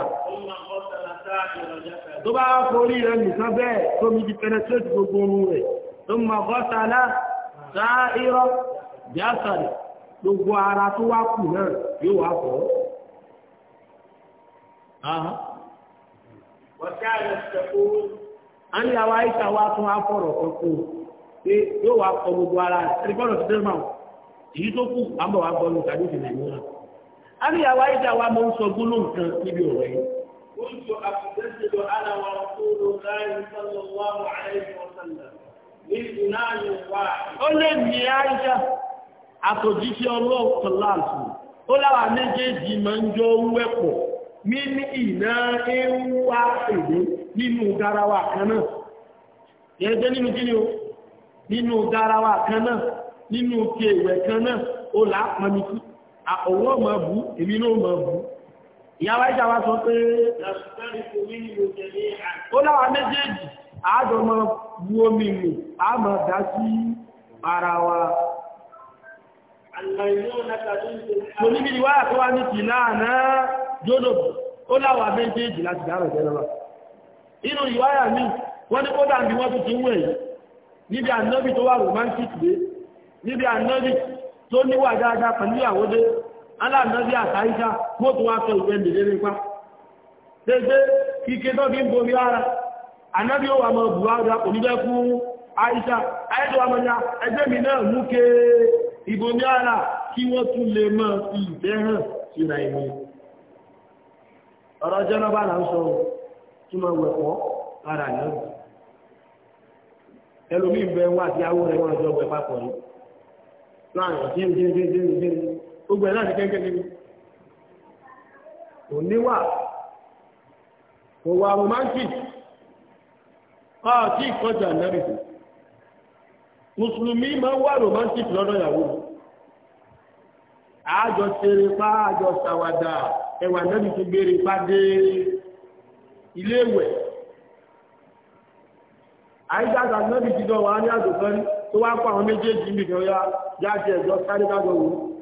Speaker 1: tó bá forí rẹ̀ nìkan bẹ́ẹ̀ tó mi ti penetrate gbogbo ohun rẹ̀ tó ma gọ́ta náà sáà irọ́ jásàrì gbogbo ara tó wá kù náà yóò wá fọ́. a ń yàwá ìta wá tún á fọ̀rọ̀ ọkọ̀ pé yóò wá kọ gbogbo ara ẹni bọ́ọ̀lù ti dẹ́rẹ́mà èyí tó kù àmọ́ wá gbọ́ọ̀lù tàbí ìfìlẹ̀ ìmúra a ń yàwá ìta wá mọ́ ń sọ gbólóǹkan níbi ọ̀rọ̀ yìí كنت أقتصد أنا ورسول الله صلى الله عليه وسلم لزمان واحد. ó lè ní àìsà àtòjíṣẹ́ ọlọ́run kọláàsì ó láwà méjèèjì máa ń jọ ń wẹ̀pọ̀ mí ìná èdè nínú garawa kan náà yẹ́jẹ́ nínú kí ni nínú garawa kan náà nínú kan náà ó là á pọnmi sí èmi náà ìyáwá ìjà wá sọ pé ó láwà méjèèjì àádọ́ mọ́ bu omi mù a mọ̀ dá sí ara wa mo níbi ìwá àti wá ní tìlá náà jódò ó láwà méjèèjì láti dárò jẹ́ lọ́wọ́ inú ìwáyà mi wọ́n ní kódà bí wọ́n tún ti wẹ̀ yìí níbi ànábì tó wà romantic dé níbi tó níwà dáadáa pẹ̀lú ìyàwó dé aláàdọ́bí àtàíṣà mọ́ tó wá sọ ìgbẹ̀ndì lé nípa pẹ́gbẹ́ kíkẹ́ tó bí ń borí ara anábí ó wà mọ́ buhari onígbẹ́ fún àìṣà àìṣà wà mọ́ ya ẹgbẹ́ mi náà mú ké ara kí wọ́n tún lè mọ́ ìfẹ́ hàn ọ̀rọ̀ jẹ́nàbà là ń sọ gbogbo ẹ̀ náà ní kẹ́kẹ́ nínú kò níwà kò wà romantic káàkiri kọjá nàbìtì mùsùlùmí máa wà romantic lọ́dọ̀ ìyàwó àjọ ṣeré pa àjọ ṣàwàdà ẹwà nàbìtì gbére pa dé ilé ìwẹ̀ àìjáde nàbìtì dọ̀wọ́ á ní àjò kan tó wá pa àwọn méjèèjì nìkan ya jáde ẹ̀jọ́ sáré dájọ́ wò ó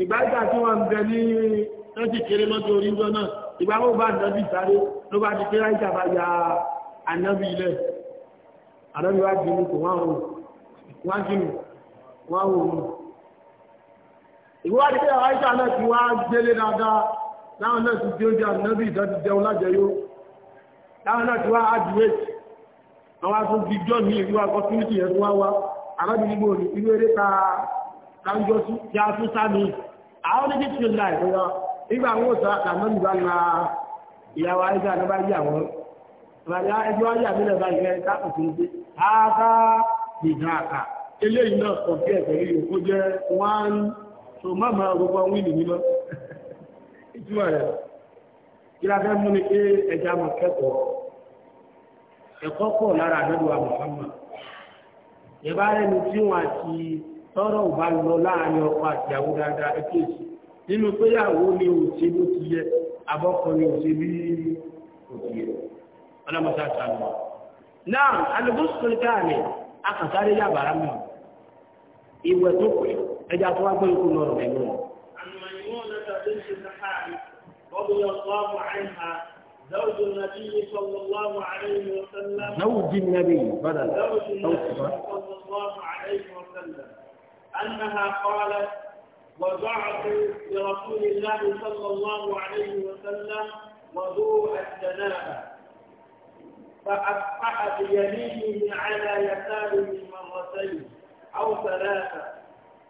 Speaker 1: ìgbàgbà tí wọ́n ń bẹ ní lọ́sì kéré lọ́jọ́ orí ńjọ náà ìgbàgbà bá ànábì sáré ló bá di kéré àìsà bá ya ànábì ilẹ̀ ànábì wá di ní kò wọ́n wò wọ́n jìnnà wọ́n wò wọ́n. ìwádìí kéré àìsà náà ti wá gbélé dáadáa láwọn náà ti di oúnjẹ ànábì ìdá ti jẹun lájẹyó láwọn náà ti wá àdúwẹ̀tì àwọn akọ́bí jọ́ mi ìlú akọ́túnìtì yẹn tó wá wá káńjọ́ sí kí a tún sá mi àwọn ní títí ìlà ìfúnra nígbà àwọn òṣà àtàmọ́ nígbà na ìyàwó ayé àná bá yí àwọn ìbàdí ẹjọ́ ayé àmìlẹ̀ bá yẹ káàkó tó ń gbé áká ìdá àkà eléyìí náà kọ̀ bí ẹ̀fẹ̀ yìí ó jẹ́ wọ́n tó má gbogbo àwọn ìlú mímọ́ ìtumọ̀ rẹ̀ kí la fẹ́ mú ni pé ẹja mọ̀ kẹ́kọ̀ọ́ ẹ̀kọ́ pọ̀ lára àdọ́dọ̀ àmọ̀ tọ́rọ̀ ò bá lọ láàrin ọkọ àtìyàwó dáadáa ẹkẹ́jì nínú péyàwó ni ò ṣe bó ti yẹ abọ́kọ ni ò ṣe bí kò ti yẹ ọlọ́mọṣá ṣàlùwà náà alùbọ́sùn káàmì akàtàrí yàbàrá ìwẹ̀ tó pẹ̀ ẹja tó wá gbé ikú lọ́rọ̀ rẹ̀ lọ́wọ́. زوج النبي صلى الله عليه وسلم زوج النبي أنها قالت وضعت لرسول الله صلى الله عليه وسلم وضوء الجنابة فأصبح بيمينه على يساره مرتين أو ثلاثة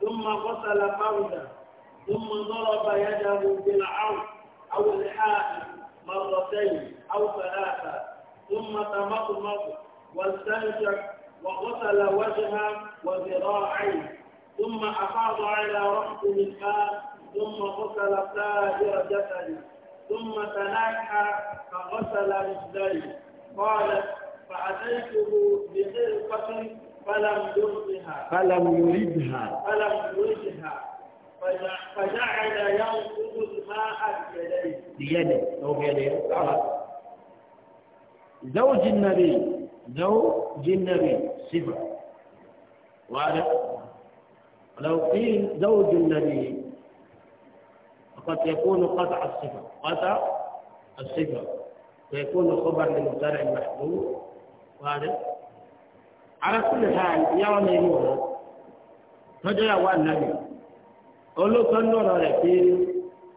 Speaker 1: ثم غسل فرده ثم ضرب يده بالعرض أو الحائط مرتين أو ثلاثة ثم تمضمض واستنشق وغسل وجهه وذراعيه ثم أفاض على رحب الماء ثم غسل سائر جسده ثم تناحى فغسل رجليه قالت فأتيته بخرقة فلم يردها فلم يردها فلم يردها فجعل ينقض الماء بيديه بيده أو بيديه زوج النبي زوج النبي صفة واضح لو قيل زوج النبي فقد يكون قطع الصفة قطع الصفة فيكون خبر للمبتدع المحذوف واضح على كل حال يوم ميمونة فجأة النبي قل له كنور ركيل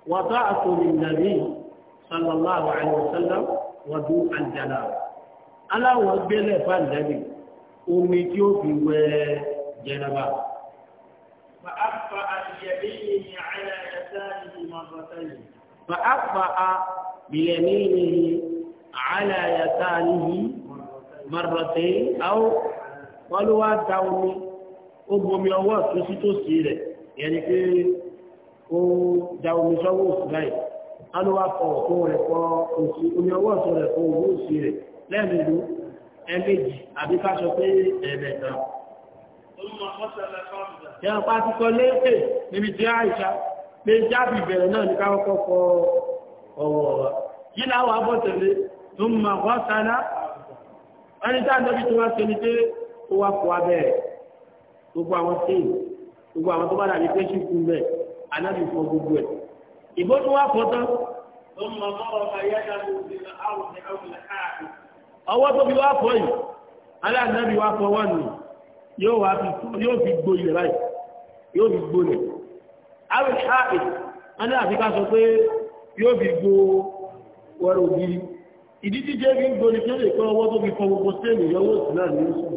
Speaker 1: وضعت للنبي صلى الله عليه وسلم وضوء الجنابة ألا وبيل فالنبي أمي تيوبي وجنابة فأخفأ بيمينه على يساره مرتين فأخفأ بيمينه على يساره مرتين أو قالوا داومي ó bomi ọwọ́ tó sí tó sí rẹ̀ yẹni pé ó da omi sọ́wọ́ òsì báyìí alówà fọ ọ̀tún rẹ̀ fọ òsì omi ọwọ́ ọ̀tún rẹ̀ fọ òwú òsì rẹ̀ lẹ́ẹ̀mẹ́lú ẹ̀mẹ́jì àbí ká sọ pé ẹ̀mẹ́ta. ó mọ ọ́sẹ̀ lẹ́kọ̀ọ́ yẹn pa ti sọ léèké níbi tí àìsà pé jáàbì bẹ̀rẹ̀ náà ní káwọ́kọ́ fọ ọ̀wọ̀ wa yìí láwọ̀ abọ́ tẹ̀lé tó máa wá sáná ẹni tá àjọbí tó wá sẹni pé ó wá fọ abẹ́ rẹ̀ gbogbo àwọn tíì gbogbo àwọn tó bá dàbí pé ṣì kú bẹ́ẹ̀ yóò wá fi yóò fi gbo ilẹ̀ báyìí yóò fi gbo ilẹ̀ àwọn ìṣáàpì wọn ní àfikà sọ pé yóò fi gbo wọ́rọ̀ ògiri ìdí tí jẹ́ fi ń gbo ni kí ó lè kọ́ ọwọ́ tó fi fọ gbogbo stéèmì yọwọ́ sí náà ní oṣù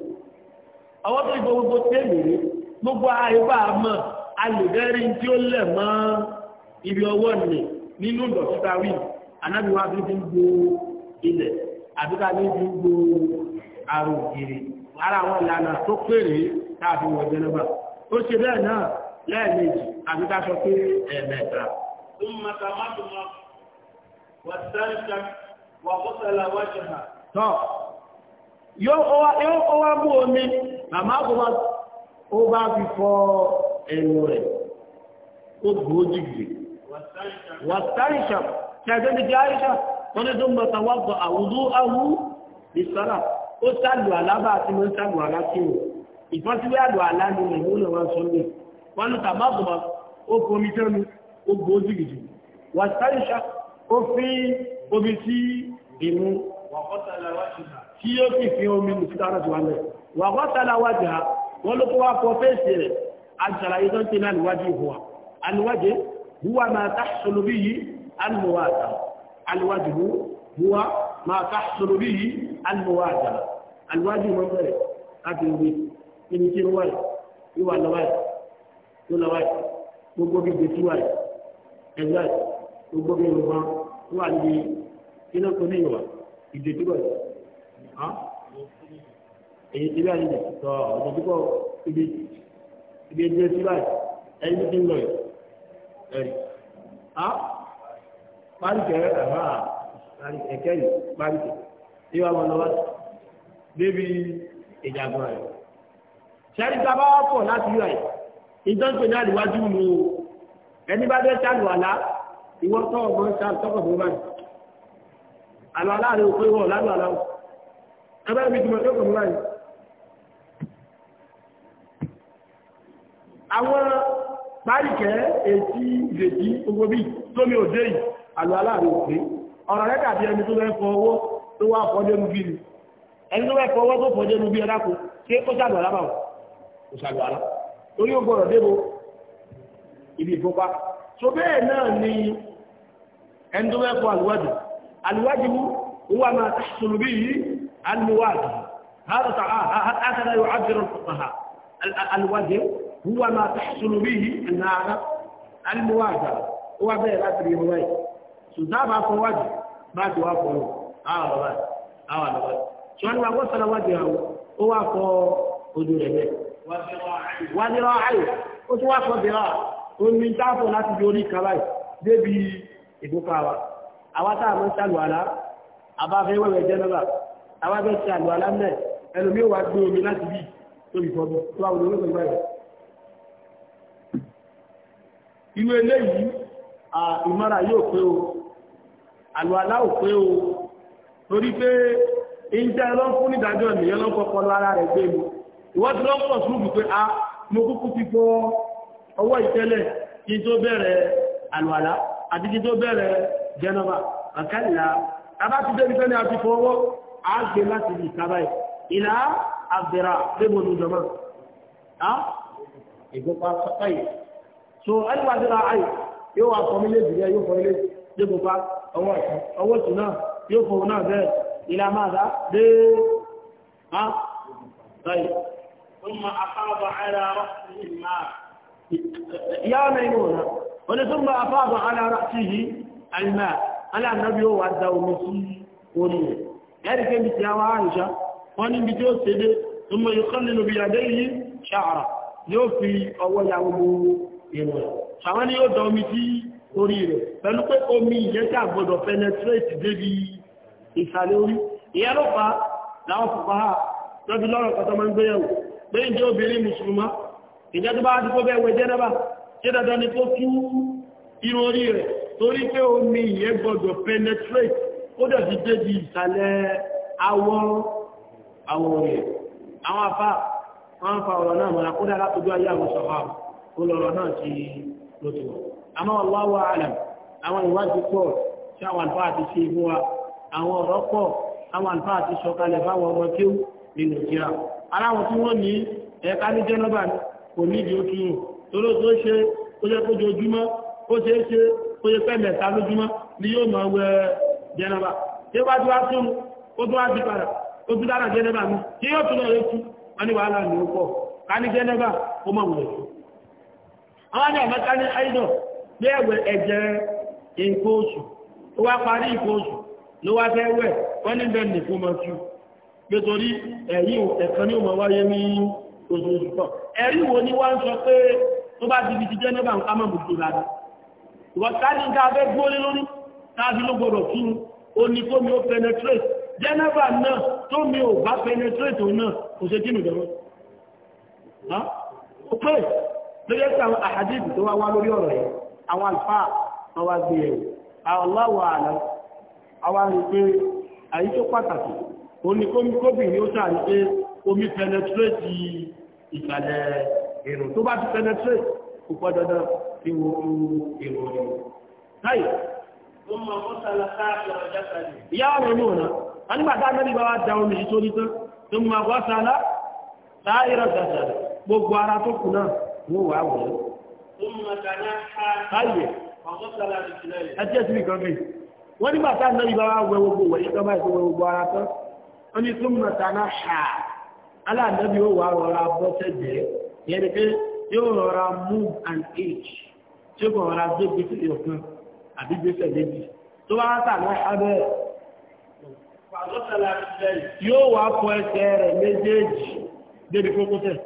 Speaker 1: ọwọ́ tó fi fọ gbogbo stéèmì rí gbogbo àìbá àmọ́ alùdẹ́rí tí ó lẹ̀ mọ́ ibi ọwọ́ nì nínú ìdọ̀títà wí anábìwá fi fi ń gbo ilẹ̀ àbíká ní fi ń gbo àrò ògiri ara àwọn ìlànà tó péré tàbí wọ̀ jẹ́nàbà ó ṣe bẹ́ẹ̀ náà lẹ́ẹ̀mejì àbí ká pé ẹ̀ẹ̀mẹ́ta. tọ́ yóò wá mú omi màmá ó bá fi fọ ẹnu rẹ̀ ó gbòó jìgbì wàtàríṣà ṣàgbẹ́ni jẹ́ àríṣà wọ́n ní tó mọ̀ta wá gbọ́ àwùdó ó sàlù àlábà àti mọ́ sàlù àlá tí ó ìfọ́n tí wé àlù àlá ni ìlú náà wọ́n sọ lè wọ́n lù tàbá bọ̀ ó fomi tẹ́nu ó gbó jìgìjì wà sáyíṣà ó fi omi sí ìmú tí ó sì fi omi lù síta rẹ̀ wà lẹ̀ wà kọ́sàlà wájà wọ́n ló kó wá fọ rẹ̀ àjàrà yìí tó ń àlùwájú ìhùwà huwa ما تحصل به المواجهة الواجب من ذلك لكن به من يصير واي يوى الواي يوى الواي gbogbo bí gbèsè wáyé ẹgbẹ́ gbogbo bí yorùbá wà ní iná tó ní ìwà ìdètí wáyé èyí ti báyìí nì tọ ọ̀dọ̀ púpọ̀ ibi ibi ẹgbẹ́ sí báyìí ẹni tí ń lọ yìí ẹ̀rí. Pálí kẹrẹ́ àbá ẹ̀kẹ́ yìí parí tẹ̀ yíò àwọn ọlọ́wọ́ débi ìjàgbọ́n rẹ̀ sẹ́ni tá a bá wá pọ̀ láti yọ ẹ̀ ìjọ́sìn náà níwájú mu ẹni bá dé sálù àlá ìwọ́ tọ́ ọmọ sálù tọ́kọ̀ bó báyìí àlọ́ aláàrẹ òkú ìwọ̀ lálù àlá ẹgbẹ́ mi ti mọ̀ tọ́kọ̀ bó báyìí. àwọn páríkẹ́ èsì ìrètí owó bíi tómi òde yìí àlọ́ aláàrẹ òkú ọ̀rọ̀ rẹ̀ dàbí ẹni tó fẹ́ fọ owó tó wá fọdẹ́nu bí ni ẹni tó fẹ́ fọ owó tó fọdẹ́nu bí ẹ̀dá kò ṣé ó ṣàlùwàlá báwò kò ṣàlùwàlá torí ó ibi ìfúnpá so bẹ́ẹ̀ náà ni ẹni tó fọ àlùwájú àlùwájú wà máa bí yìí àlùwájú bá ti wá fọ àwọn àlọ́bà àwọn àlọ́bà ṣùgbọ́n nípa gbọ́sọ̀rọ̀ wájú àwọn ó wá fọ ojú rẹ̀ bẹ́ẹ̀.
Speaker 2: wàdìrọ̀ àyè
Speaker 1: ó tún wá fọ bìrọ̀ omi táàpù láti di orí kan báyìí débi ìdúpọ̀ àwa àwa tá a máa ń sàlù àlá àbáfẹ́ wẹ̀wẹ̀ jẹ́ lọ́ba àwa fẹ́ sàlù àlá mẹ́ ẹlòmíì wá gbé omi láti bí tóbi fọ́ bí tó àwọn olóògbé báyìí. irú eléyìí ìmọ̀ra yóò pé o àlùwàlá ò pé o torí pé ìjẹ́ ẹlọ́fún nídàájọ́ ènìyàn ló kọ́kọ́ lára rẹ̀ gbé mi ìwọ́n ti lọ́pọ̀ súnmù pé a ah, mo kúkú ti fọ ọwọ́ ìtẹ́lẹ̀ kí n tó bẹ̀rẹ̀ àlùwàlá àti kí n tó bẹ̀rẹ̀ jẹnọba àkàlìlá tàbá ti débi fẹ́ni àti fọwọ́ a gbé láti di ìkàbá ìlà àbẹ̀rà lébò ní ìjọba ah, ìgbópa sọ́kàyè so ẹni wà ọwọ́ ọ̀tún ọwọ́ ọ̀tún náà yóò fòun náà bẹ́ẹ̀ ilá máa dá dé ha báyìí ثم أفاض على رأسه الماء يا ميمون ثم أفاض على رأسه الماء على النبي هو الدوم orí rẹ̀. Ẹ́rìkẹ́ bí ti àwọn àìṣà, wọ́n níbi tí ó ṣe dé, ọmọ ìkọ́ bí adé yìí ṣàrà, yóò fi ọwọ́ ya gbogbo ìrọ̀. Ṣàwọn ni yóò dá omi tí orí rẹ̀ pẹ̀lú pé omi ìjẹ́jà gbọdọ̀ penetrate débi ìsàlẹ̀ orí ìyá ló fa láwọn fòfà á lọ́bí lọ́rọ̀ kọtọ́ máa ń gbé yẹ̀wò pé ń jẹ́ obìnrin mùsùlùmá ìjẹ́ tó bá ti kó bẹ́ẹ̀ wẹ jẹ́ dandan ni kó tú irun orí rẹ̀ torí pé omi ìyẹn gbọdọ̀ penetrate ó dẹ̀ fi débi ìsàlẹ̀ awọ àwọn orí rẹ̀ àwọn afá wọn fa ọ̀rọ̀ náà mọ̀ra kó dára àmọ́ ọlọ́wọ́ àlàm àwọn m. pọ̀ tí àwọn àlùfáà ti ṣe ìbúwa àwọn ọ̀rọ̀ pọ̀ àwọn àlùfáà ti sọ̀kalẹ̀ fáwọn ọmọ kéwù nínú ìjìrà aláwọ̀ tí wọ́n ní ẹ̀ka ní jẹ́nọ́bà kò nídìí ó túnú tó ṣe ó ṣe é ṣe ni yóò mọ̀ wẹ jẹ́nọ́bà tí wá tí wá tún ó wá ti padà ó tún dára jẹ́nọ́bà tí yóò tún lọ́rẹ́ tú wọ́n ní wàhálà ní ó pọ̀ ká bí ẹ̀wẹ̀ ẹ̀jẹ̀ nǹkan oṣù ó wá parí nǹkan oṣù ló wá fẹ́ wẹ̀ wọ́n ní bẹ́ẹ̀ nìkan mọ̀ sí pé torí ẹ̀yìn ẹ̀kan ní òmọ̀ wáyé ní oṣooṣù kan ẹ̀rí wo ni wọ́n ń sọ pé tó bá ti fi ti jẹ́ nígbà nǹkan mọ̀ bùkún lára ìwọ̀n ká ní ká fẹ́ ó penetrate jẹ́nẹ́bà náà tó mi penetrate òun náà kò ṣe kí nìjọba ó pé lórí ẹ̀sán àhàdìsì tó wá wá lórí ọ̀rọ̀ yìí àwọn àlùfáà wọn wá aláwọ̀ àlọ́ àwọn àrùn àyí tó pàtàkì ó ní kómìkóbìnrin ó pé omi penetrate ìsàlẹ̀ èrò tó bá ti penetrate kò pọ́ dandan tí wo èrò rẹ̀ táyì ìyá rẹ̀ ní ọ̀nà a nígbàtá mẹ́rin bá wá da omi yìí ní tán tó mú àgbọ́sàlá táyì rẹ̀ gbogbo ara tó kù náà wọ́n wà Ẹjẹ́ sí nìkan bí. Wọ́n nígbà tá náà ìbára wẹ gbogbo wẹ̀ yíká bá ìfẹ́ wẹ gbogbo ara tán. Wọ́n ni tún mọ̀ta náà ṣà. Aláàdábí ó wà rọra bọ́ sẹ́jẹ́. Ìyẹn ni pé yóò rọra move and age. Tí ó kọ̀ rọra gbé gbèsè ọ̀kan àbí gbèsè méjì. Tó bá tà náà ṣá bẹ́ẹ̀. Yóò wá fọ ẹsẹ̀ rẹ̀ méjèèjì débi kókó tẹ̀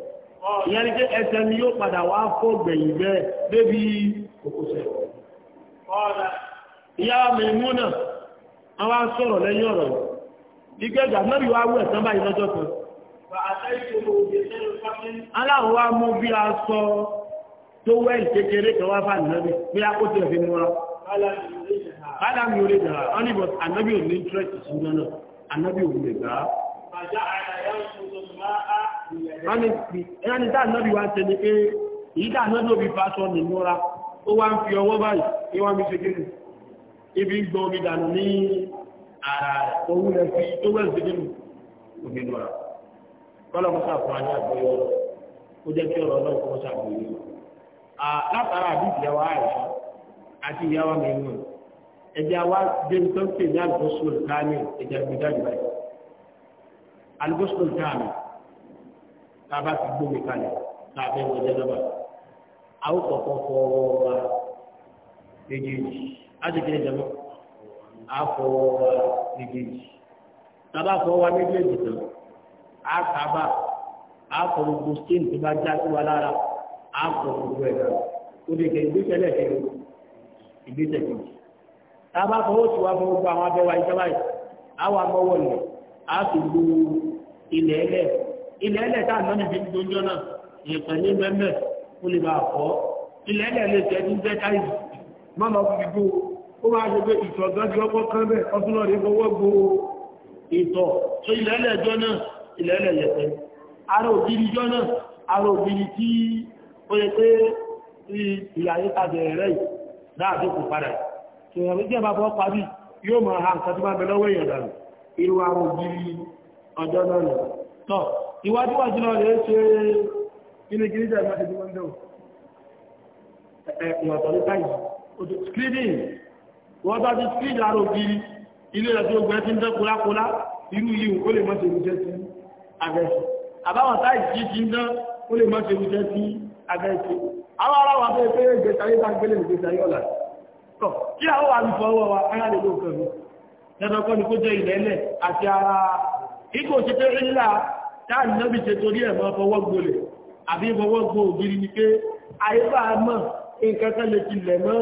Speaker 1: ìyẹn ni pé ẹsẹ̀ ni yóò padà wá fò gbẹ̀yìn bẹ́ẹ̀ débi òkúsẹ̀ ìyá Maimuna wọ́n wá sọ̀rọ̀ lẹ́yìn ọ̀rọ̀ ìgbẹ́gbà mẹ́rin wá wú ẹ̀sán báyìí lọ́jọ́ kan aláwọ̀ wá mú bí a sọ tó wẹ́lì kékeré kan wá fà nìyàn bí a kó tẹ̀ fi múra alámi orí dà wọ́n ní bọ̀ anábì ò ní tírẹ̀tì sí náà anábì ò lè gbà á ẹni tá náà bí wá ṣe ní pé èyí tá náà ló bí fásọ nìmúra ó wá ń fi ọwọ́ báyìí ní wọ́n bí ṣe gínú ibi gbọ́ omi dànù ní ara owó rẹ̀ fi tó wẹ́ ṣe gínú omi nura kọ́lọ́kọ́sà fún ayé àgbẹ̀yọ́ ó jẹ́ kí ọ̀rọ̀ náà kọ́kọ́sà fún yìí látara àbíkì ìyàwó àìsàn àti ìyàwó mẹ́rin ẹjẹ́ wa jẹ́mi tó ń pè ní alùpùpù sùn káàmì ẹjẹ́ gbẹdájú báyìí alùpùpù sùn káàmì tá a ti gbómi kalẹ̀ tá wọlé lọ́ba a kọ̀kọ́ fọ wa jẹmọ́ a wa a wa méjèèjì tán a sábà a tó bá já sí wa lára lè kẹ́ ìgbésẹ̀ ìgbésẹ̀ fọwọ́ gbogbo àwọn abẹ́wà ìjọba yìí ilẹ̀ ẹlẹ̀ tá à ń lọ́nà ìbí gbogbo náà ìpẹ̀ ní mẹ́mẹ́ ó lè bá fọ́ ilẹ̀ ẹlẹ̀ lè tẹ́ ní jẹ́ táìsì má lọ fi gbó ó máa ṣe pé ìtọ̀ gánjú ọkọ̀ kan bẹ́ẹ̀ ọdún náà rí fọwọ́ gbo ìtọ̀ tó ilẹ̀ ẹlẹ̀ jọ náà ilẹ̀ ẹlẹ̀ lẹ̀tẹ̀ ara òbíri jọ náà ara òbíri tí ó yẹ pé ìyàyé ta bẹ̀rẹ̀ yìí dáàbò kò padà ṣèyàn méjì bá fọ́ parí yóò máa ha nǹkan tó bá bẹ lọ́wọ́ èèyàn dànù irú àwọn òbíri ọjọ́ náà lọ ìwájúwájú náà lè ṣe kíni kíni jẹ́ ìmọ̀ ìdíwọ́n dẹ̀ ìwọ̀tọ̀ ní o odò screening wọ́n bá ti screen lára ògiri ilé rẹ̀ tó gbẹ́ tí ń dán kólákólá irú yìí ó lè mọ́ ṣe ìrújẹ́ sí agẹ́sì àbáwọn táì sí ti ń dán ó lè mọ́ ṣe ìrújẹ́ sí agẹ́sì àwọn ará wa fẹ́ pé ìgbésà yóò bá gbélé ìgbésà yóò là tọ̀ kí àwọn wà ní fọwọ́ wa ara lè lóòkè mi ni kó jẹ́ ìlẹ́lẹ̀ àti ara ikọ̀ òṣìṣẹ́ ńlá táà nẹ́bí ṣe torí ẹ̀mọ́ fọwọ́ gbolẹ̀ àbí fọwọ́ gbo ògiri ni pé àyíká mọ̀ nǹkankan lè ti lẹ̀ mọ́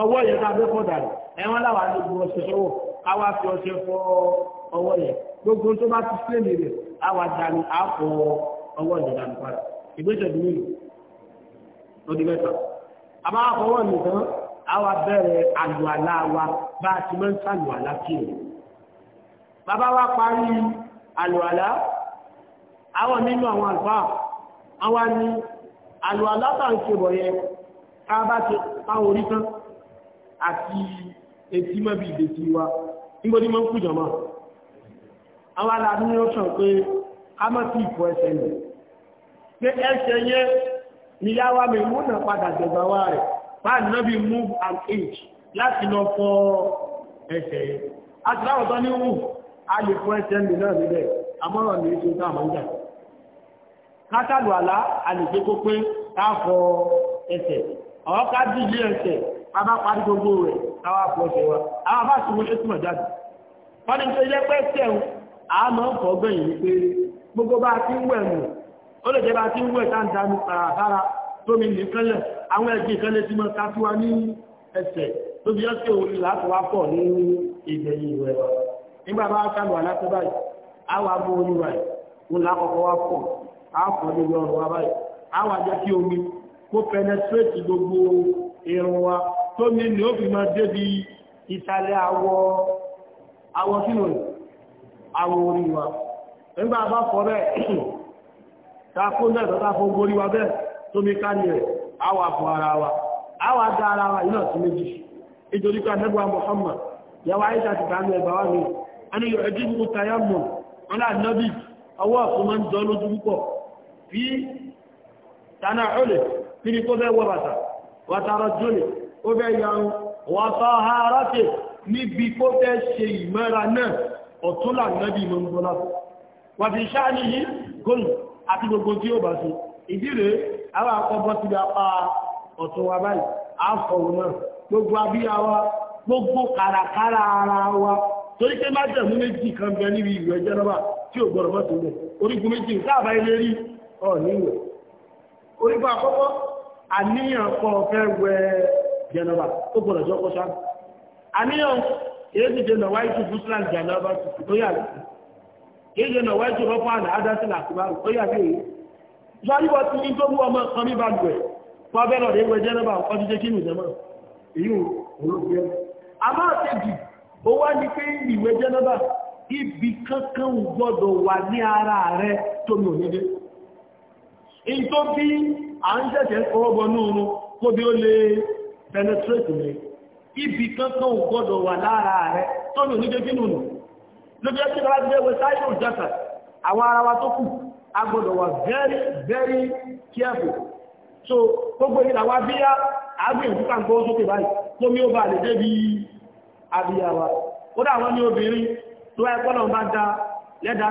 Speaker 1: ọwọ́ yẹn tá a fẹ́ fọ́ dànù ẹ̀wọ́n láwàá ló gbọ́ ọṣẹ sọ́wọ́ káwá fi ọṣẹ fọ ọwọ́ yẹn gbogbo tó bá ti àlùwàlá wa bá a ti máa ń sàlùwàlá kí bàbá wa parí àlùwàlá àwọn nínú àwọn àlùfáà àwọn ni àlò alátàǹkebọ̀ yẹ káàbá ti pa orí tán àti etí mọ́bí ìdètí wa nígbòdí mọ́ ń kú jọmọ́ àwọn aláàdínlọ́sàn pé a mọ́ sí ìfọ́ ẹsẹ̀ nì pé ẹsẹ̀ yẹ níyáwá mi mú náà padà jẹgbà wá rẹ̀ bá nábi move and age láti lọ fọ ẹsẹ̀ yẹ àti láwọn tán ní wù a lè fọ ẹsẹ̀ nì náà níbẹ̀ àmọ́ràn ní ìṣẹ́ tá a máa ń jà sí kátàlù àlá àlèjé kó pé káfọ ẹsẹ̀ àwọn ká dì ilé ẹsẹ̀ bàbá parí gbogbo rẹ̀ káwá fọ ẹsẹ̀ wa àwọn bá sì mú ẹtùmọ̀ jáde wọ́n ní pé yẹpẹ́ tẹ̀hún àmọ́ ń fọ́ gbẹ̀yìn wípé gbogbo bá ti ń wẹ̀ nù ó lè jẹ́ bá ti ń wẹ̀ táǹdà ní pàràpàrà tómi nìkanlẹ̀ àwọn ẹgbẹ́ ìkanlẹ̀ tí mọ́ tatuwa ní ẹsẹ̀ tó fi yọ́ sí òun láti wá pọ̀ ní ìgbẹ̀yìn rẹ̀ nígbà bá sálùwà látọ́ báyìí àwọn abúrú wáyìí òun lákọ̀ọ́kọ́ wá pọ̀ àpọ̀ lórí ọrùn wa báyìí àwọn àjẹ́ kí omi kó penetrate gbogbo irun wa tó ní ní ó fi máa débi ìsàlẹ̀ àwọ̀ àwọ̀ sínú àwọ̀ orí wa nígbà bá fọ́ *clears throat* bẹ́ẹ̀ ta kó ń dẹ̀tọ́ gorí wa bẹ́ẹ̀ tó mi ká ní rẹ̀ àwọ̀ àpọ̀ ara wa àwọ̀ àdá ara wa iná sí méjì nítorí pé anẹ́gbà Muhammad yàwó àyíṣà ti tààmì ẹgbà wà ní ẹni yóò ẹjú gbogbo tayammum wọn nọ́bì ọwọ́ ọ̀tún máa ń jọ lójú púpọ̀ bí tánà ọlẹ̀ n'i tó bẹ́ wọ bàtà wàtàrà jùlẹ̀ ó bẹ́ yàrùn wàtà àárátẹ̀ níbi kó fẹ́ ṣe ìmẹ́ra náà ọ̀túnlà nẹ́bí mọ́ gbogbo tí sí torí pé má jẹ̀mú méjì kan bẹ níbi ìwẹ̀ tí ò lẹ̀ orígun méjì ọ̀níwẹ̀ orípa àkọ́kọ́ àníyàn kan fẹ́ wẹ jẹnàbà tó gbọ́dọ̀ jọ kọ́ṣá àníyàn èyí jẹ́ náà wáyé tó jẹnàbà tó yà lẹ́sì èyí jẹ́ náà wáyé tó rọ́pọ̀ tó yà lẹ́yìn ìṣàlùwọ̀ ní tó mú ọmọ in tó bí a ń jẹ́jẹ́ kọ́wọ́bọ̀ núurun kó bí ó penetrate rẹ̀ ibi kankan gbọ́dọ̀ wà lára rẹ̀ tọ́nù ní jẹ́ kínú nù ló jẹ́ kí láti jẹ́ wẹ́sáyé àwọn ara wà very very careful so gbogbo ìlà wa bí sókè báyìí tó ó bá lè ó dà wọ́n ní obìnrin tó bá da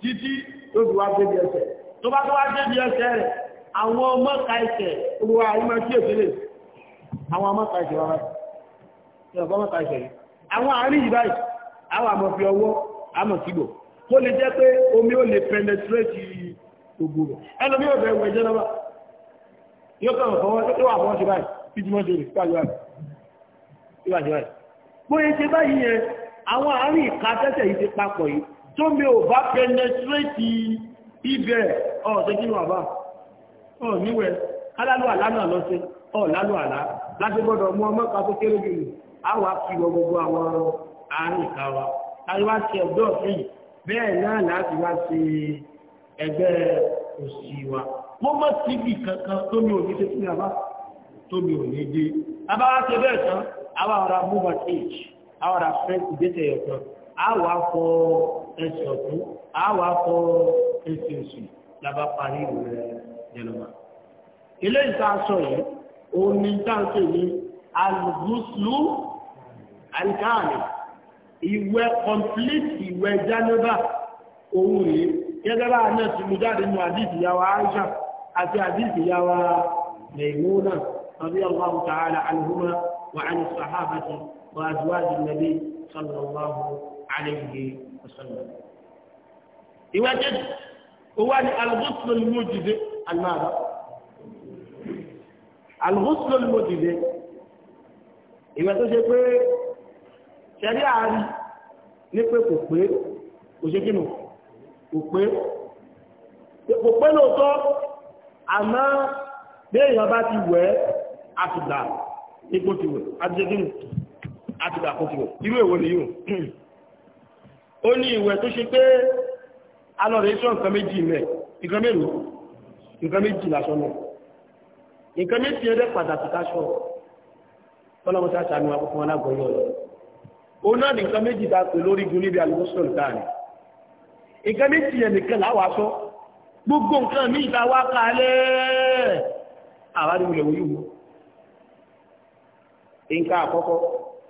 Speaker 1: títí tó fi wá débi ẹsẹ̀ tó bá tó wá débi ẹsẹ̀ rẹ̀ àwọn ọmọka ẹsẹ̀ olùwà ìmọ̀ sí òkèlè àwọn ọmọka ẹsẹ̀ wá sí ọ̀pọ̀ ọmọka ẹsẹ̀ yìí àwọn àárín yìí báyìí àwọn àmọ̀ fi ọwọ́ àmọ̀ kígbò tó lè jẹ́ pé omi ò lè penetrate gbogbo rẹ̀ ẹlòmí ò bẹ̀rù ẹ̀jẹ̀ lọ́wọ́ yóò kàn fọwọ́ tó wà fọwọ́ sí báyìí bí jùmọ̀ dèrè tó mi ò bá penetrate ibẹ̀ ọ̀ọ̀sẹ́ kí wà bá ọ̀ níwẹ̀ alálù àlá náà lọ́sẹ̀ ọ̀ lálù àlá láti gbọ́dọ̀ mú ọmọ kan tó kéré jù àwọ̀ àfihàn gbogbo àwọn àárín ìka wa àríwá ti ẹ̀gbẹ́ ọ̀fìn bẹ́ẹ̀ náà láti wá sí ẹgbẹ́ òsì wa mo mọ́ tíbi kankan tó mi ò ní ṣe fún yàrá tó mi ò ní dé abáwá ṣe bẹ́ẹ̀ tán àwọn ará mobile age àwọn ará fẹ́ǹsì gbé tẹ̀yọ̀ kan àwọn afọ ẹsẹ̀ ọ̀tún àwa kọ ẹsẹ̀ òsì làbá parí rẹ̀ jẹlọba. ilé ìtaṣọ yìí òun ni táǹkì ní alùbùsùlù àìkáàlì ìwẹ̀ complete ìwẹ̀ jánúbà òun rèé gẹ́gẹ́ bá náà ti mú jáde nínú àdìsí yàwó Aisha àti àdìsí yàwó Maimuna radiyallahu ta'ala anhuma wa 'ani sahabati wa azwaji an-nabi sallallahu alayhi وسلم يوجد هو الغسل المجزي الماذا؟ الغسل المجزي ìwẹ̀ tó ṣe pé ṣẹ̀rí àárí ní pé kò pé kò ṣe kínú kò pé kò pé lóòótọ́ àmọ́ bí èèyàn bá ti wẹ̀ àtìgbà ipò ti àti ṣe kínú àtìgbà kò ti irú èwo ni yóò ó ní ìwẹ̀ tó ṣe pé alọ́rẹ̀ẹ́sọ́ nǹkan méjì mẹ́ nǹkan mẹ́rù nǹkan méjì lásán náà nǹkan méjì ẹ̀rẹ́ pàtàkì káṣọ́ tọ́lọ́mọsá sàánú akọ́kọ́ alágbọ̀yọ̀ rẹ̀ ó náà nǹkan méjì ta pè lórí gun níbi alùpùpù káàní nǹkan méjì nǹkan míì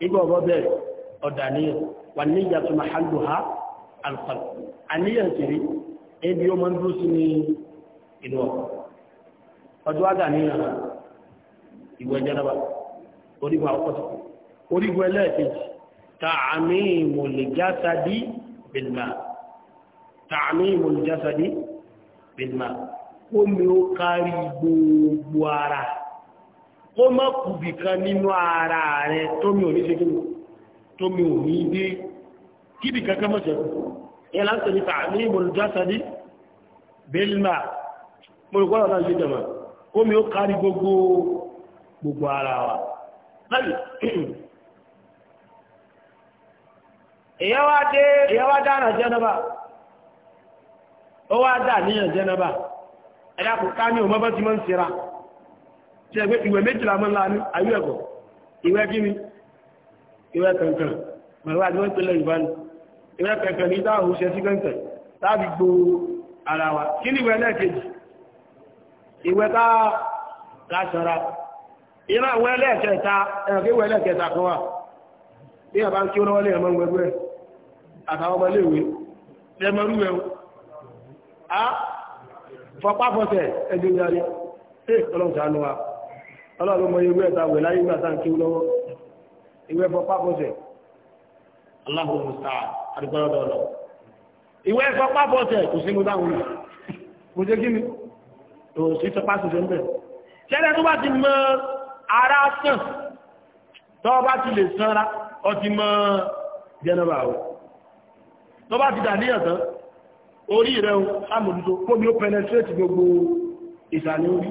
Speaker 1: nígbà ọ̀rọ̀ bẹ̀rẹ̀ ọ̀dàníyàn wà ní ìyàtọ̀ màhálù ha alfàl àníyàn kiri ebi ó máa ń dúró sí ní inú ọkọ̀ ọjọ́ àdàníyàn ìwẹ̀ jẹ́nàbà orígun àkọ́kọ́ orígun ẹlẹ́ẹ̀kejì تعميم الجسد بالماء تعميم الجسد بالماء omi ó kárí gbogbo ara kó mọ́ kùbì kan nínú ara rẹ̀ tómi ò ní ṣe kíni tómi ò ní dé kíbi kankan mọ́ ṣẹ̀kù ẹ̀ láti ní tààmì ìmọ̀lùjásádì bẹ́lìmà mọ̀lùkọ́lọ̀ náà ṣe jẹ̀mọ̀ kómi ó kárí gbogbo gbogbo ara wa láti *clears throat* èyàn wá dé èyàn wá dára jẹ́nàbà ó wá dà níyàn jẹ́nàbà ẹ̀dàkù ká ní òmọ́bọ́ ti mọ́ ń sira ṣe pé ìwẹ̀ méjìlá mọ́ ńlá ní ayé ẹ̀kọ́ ìwẹ̀ kí ni ìwẹ̀ kankan pẹ̀lú àti wọ́n pẹ̀lẹ̀ ìbánu ìwẹ̀ kankan ní táwọn oṣù ẹ̀sí kankan láti gbo ara wa kí ni ìwẹ̀ ẹlẹ́ẹ̀kejì ìwẹ̀ tá a sọ̀ra ìran àwọn ẹlẹ́ẹ̀kẹta ẹ̀rọ kí ìwẹ̀ ẹlẹ́ẹ̀kẹta kan wà bí a bá ń kí lọ́wọ́ lè mọ́ gbẹgbẹ́ àtàwọn ọmọléèwé lẹ́mọ̀rú ẹ̀ a fọpáfọsẹ̀ ẹgbẹ̀rẹ̀ ọlọ́sàánú wa ọlọ́run mọ ewé ẹ̀ta wẹ̀ láyé gbàtà kí lọ́wọ́ ewé ẹ̀fọ́ pápọ̀sẹ̀ aláhùn mùsà àdúgbọ́dọ̀ lọ ìwé ẹ̀fọ́ pápọ̀sẹ̀ kò sínú dáhùn kò jẹ́ kí ni kò sí tọpa ṣiṣẹ́ ńbẹ̀ ṣẹlẹ̀ tó bá ti mọ ara sàn tó bá ti lè sanra ọ ti mọ jẹnaba o tó bá ti dàníyàn tán orí rẹ̀ o sàmójútó kóbi ó penetrate gbogbo ìsàlẹ̀ orí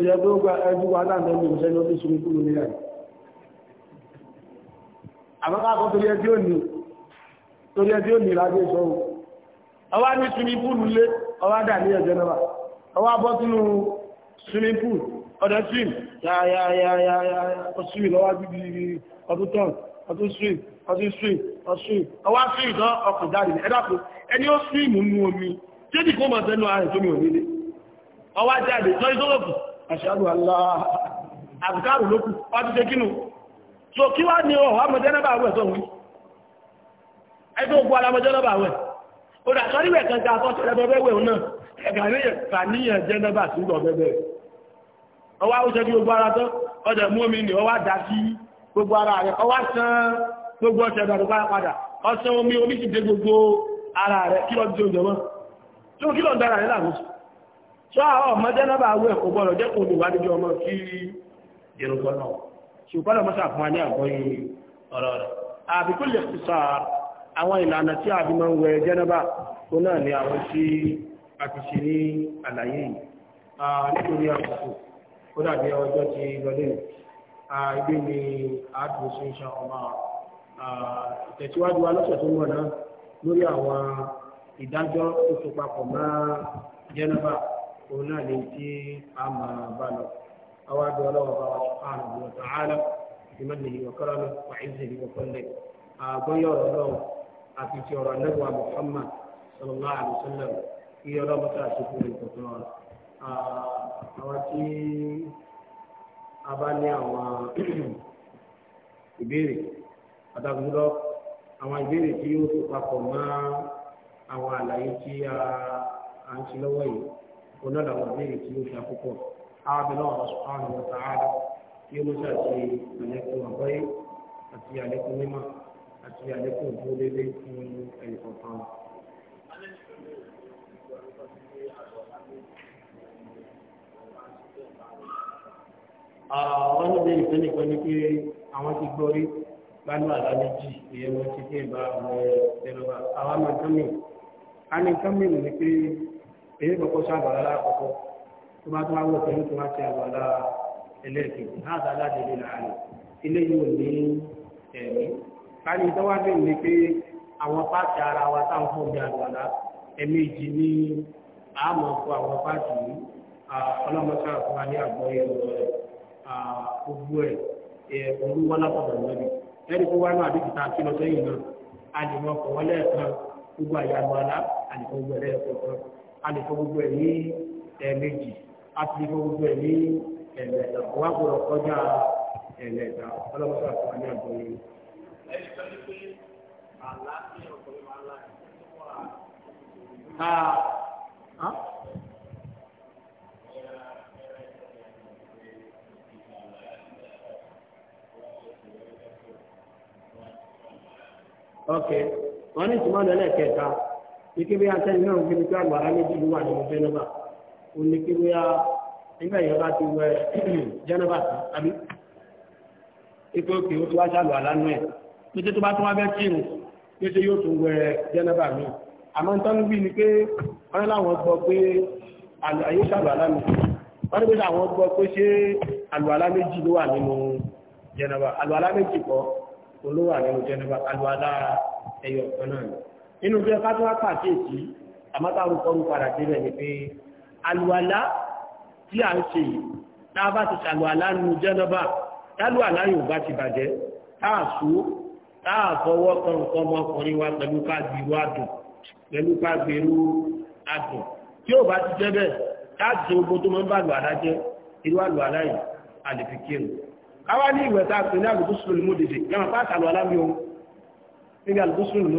Speaker 1: ìyẹn tó gba ẹjú wa láàrín ẹni ìṣẹ́ ní ó ti ṣe ikú lórí rẹ̀ àbáká kan torí ẹjọ́ òní torí ẹjọ́ òní láti ẹ̀ṣọ́ o ọwá ní swimming pool lé ọwá dà ní ẹ̀jẹ̀ náà ọwá bọ́ sínú swimming pool ọ̀dọ̀ swim yáyáyáyá ọ̀sùn lọ́wọ́ bíbí ọdún tán ọdún swim ọdún swim ọ̀sùn ọwá swim ó swim nú omi tí ó dì kó mọ̀ sẹ́nu ààrẹ tó mi ò nílé ọwá jáde aṣáàrù aláà àbùkárù ló kù wá ti ṣe kínú so kí wá ní ọ̀họ́ amọ̀jẹ́nàbà àwẹ̀ tó wí ẹgbẹ́ ogun alamọ̀jẹ́nàbà àwẹ̀ ó dà sọ́rí wẹ̀ kankan akọ́tẹ̀lẹ́bẹ̀wẹ̀ náà ẹ̀gà ní ìyàn jẹ́nàbà sí lọ bẹ́bẹ̀ ọwá ó ṣe bí gbogbo ara tán ọdẹ̀ mú omi ní ọwá dá sí gbogbo ara rẹ̀ ọwá san gbogbo ọ̀sẹ̀ ẹ̀dọ̀ padà ọsán omi omi sì dé gbogbo ara rẹ̀ kí lọ sọ àwọn ọmọdé náà bá wẹ̀ kò gbọ́dọ̀ jẹ́ kò lè wá níbi ọmọ kí ìrùkọ náà ṣùgbọ́n lọ́mọ sàfún wa ní àgbọ́yé ọ̀rọ̀ rẹ̀ àbíkú lè ti sọ àwọn ìlànà tí àbí máa ń wẹ̀ jẹ́nàbà tó náà ní àwọn tí a ti ṣe ní àlàyé yìí nítorí àkókò ó dàbí ọjọ́ ti lọlé ibi ni àádùn sí ń ṣan ọmọ ìtẹ̀síwájú wa lọ́sẹ̀ tó ń náà lórí àwọn ìdájọ́ tó so papọ̀ mọ́ jẹ́nàbà òun náà lè tí a máa bá lọ àwọn àbí ọlọ́wọ́ bá wa subhanahu wa ta'ala ìmọ̀lẹ̀ yìí ọ̀kọ́rọ̀ mi wà ẹ̀jẹ̀ yìí ọ̀kọ́lẹ̀ àgbọ̀yé ọ̀rọ̀ lọ́wọ́ àti ti ọ̀rọ̀ nẹ́wà Muhammad sallallahu alayhi kí ọlọ́mọ tá a ṣe fún mi àwọn tí a bá ní àwọn *clears throat* ìbéèrè pàtàkì àwọn ìbéèrè tí yóò tó papọ̀ mọ́ àwọn àlàyé tí a ń ṣe lọ́wọ́ yìí onáda wọn léèrè tí ó ṣá púpọ̀ ábẹ́lẹ́ ọ̀rọ̀ sùpáàlù wọn tààrà tí ó mọ́ṣà ṣe àlékún àgbáyé àti àlékún mímọ́ àti àlékún ìdúródédé fún ẹnì kọ̀ọ̀kan. àwọn ọlọ́dẹ ìfẹ́ nìkan ni pé àwọn ti gbọ́ rí gbanú àlá ìyẹn wọn ti dé ìbá àwọn ẹ̀rọ àwọn àmọ́ kánmì. a ní kánmì ní pé èyí kọ́kọ́ sọ àgbàlá lákọ̀ọ́kọ́ tó bá tó wá wọ pẹ̀lú tó wá ti àgbàlá ẹlẹ́ẹ̀kejì náà dá láti lè láàrin ilé yìí ò ní ẹ̀mí káyọ̀ ìtọ́wádìí ni pé àwọn páàkì ara wa táwọn fún ọjà àgbàlá ẹ̀mẹ́jì ní àmọ́ fún àwọn páàkì yìí ọlọ́mọṣẹ́ fún wa ní àgbọ̀ ẹ̀rọ rẹ̀ gbogbo ẹ̀ òun wọ́n lápapọ̀ lọ́bì ẹ̀rí kó wá náà àdéjì tá a kí lọ sẹ́yìn náà àdìmọ́ kọ̀wọ́lẹ́ẹ̀kan gbogbo àyàgbọ́ alá àdìmọ́ gbogbo ẹ̀rẹ́ ẹ̀kọ́ kan a lè fọ gbogbo ẹ̀ ní ẹ̀ẹ̀mejì a ti lè fọ gbogbo ẹ̀ ní ẹ̀ẹ̀mẹ́ta wọ́n á gbọ́dọ̀ kọjá ẹ̀ẹ̀mẹ́ta ọlọ́mọdé àti wọn ní àgbọ̀n ok wọ́n ní ìtumọ̀ lọ́lẹ̀ kẹta ike bí atẹ́yìn náà gbé nípa àgbàrá méjì ló wà nínú jẹ́nẹ́bà ó ní kí bóyá nígbà yẹn bá ti wẹ jẹ́nẹ́bà *clears throat* tán àbí ike òkè ó ti wá ṣàlù àlánú ẹ̀ pété tó bá tún wá fẹ́ kírun pété yóò tún wẹ jẹ́nẹ́bà mi àmọ́ nítorí wọ́n ni pé wọ́n láwọn gbọ́ pé àyè ṣàlù àlánú wọ́n ní pé àwọn gbọ́ pé ṣé àlùwàlá méjì ló wà nínú jẹ́nẹ́bà àlùwàlá méjì kọ́ ló wà nínú jẹ́nẹ́bà àlùwàlá ẹyọ kan náà nínú bí ọká tó wá pàṣẹsì àmọ́tàrúkọrú padà débẹ̀ ni pé àlùwàlá tí a ń ṣe yìí tá a bá ti ṣàlùwàlá nu jẹ́nọ́bà tálùwàlá yóò bá ti bàjẹ́ táà sú táà fọwọ́ kan nǹkan ọmọkùnrin wa pẹ̀lú ká gbèrú àdùn pẹ̀lú ká gbèrú àdùn tí ó bá ti jẹ́ bẹ́ẹ̀ káwá ní ìwẹ̀ta pẹ̀lú àlùkúsùlù mú yàmà pàtàlù alámi ohun níbi àlùkúsùlù mú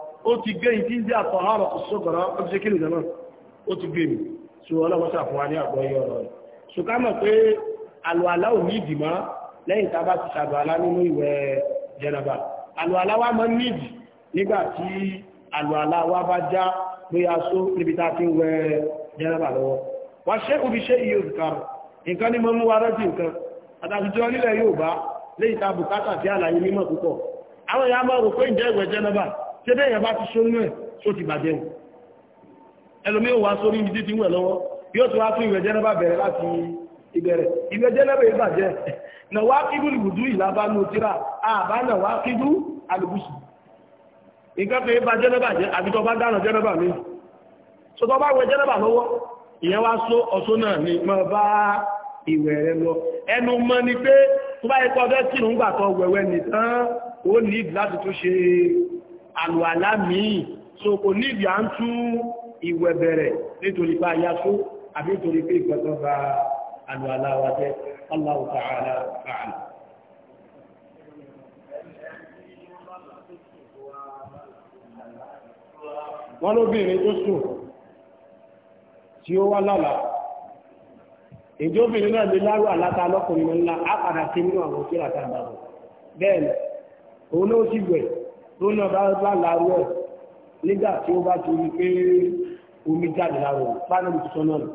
Speaker 1: ó ti gé ìdí ìdí àtọ̀hárọ̀ ọ̀ṣọ́gọ̀rọ̀ ó ti ṣe kíni jẹ́mọ́ ó ti gbe mi ṣe ọlọ́wọ́ sàfún wa ní àgbọ̀ yọ ọ̀rọ̀ rẹ̀ mọ̀ pé àlùwàlá ò ní ìdìmọ́ lẹ́yìn tá bá ti ṣàlùwàlá nínú ìwẹ̀ wa máa ń nídìí nígbà tí wa bá já pé só níbi tá a ti ń lọ́wọ́ wá iye òkàrọ̀ nǹkan ní mọ́ mú wa nǹkan àtàkùjọ nílẹ̀ lẹ́yìn tá a bùkátà sí àlàyé púpọ̀ àwọn ìyá rò pé ìjẹ́ ìwẹ̀ ṣé bẹ́ẹ̀ yẹn bá ti ṣó nú ẹ̀ ṣó ti bàjẹ́ o ẹlòmí ò wá sórí ibi títí wẹ̀ lọ́wọ́ yóò tún wá tún ìwẹ̀ jẹ́nẹ́bà bẹ̀rẹ̀ láti ìbẹ̀rẹ̀ ìwẹ̀ jẹ́nẹ́bà yìí bàjẹ́ nà wá kíbú lùdú ìlàbá ní òtíra àbá nà wá kíbú àlùbùsù nǹkan tó yẹ bá jẹ́nẹ́bà àbí mi tó tó bá wẹ̀ jẹ́nẹ́bà lọ́wọ́ ìyẹn wá só ni mọ́ bá ìwẹ̀ rẹ lọ ẹnu mọ́ ni pé tó bá yẹ kọ́ fẹ́ kírun gbà àlùwàlá míì so kò níbi à ń tú ìwẹ̀ bẹ̀rẹ̀ nítorí pé ayásó àbí nítorí pé ìgbẹ̀tọ́ bá àlùwàlá wa jẹ́ Allahu ta'ala a'lam wọ́n lóbìnrin tó sùn tí ó wá lọ́la ìjọbìnrin náà lè lárú àláta lọ́kùnrin ńlá á padà sí nínú àwọn tí ó rà tàbí òun náà sì gbẹ̀ẹ́ tó náà bá lálàárú ẹ̀ nígbà tí ó bá ti rí pé omi jáde láàrọ̀ pánẹ́lì tuntun náà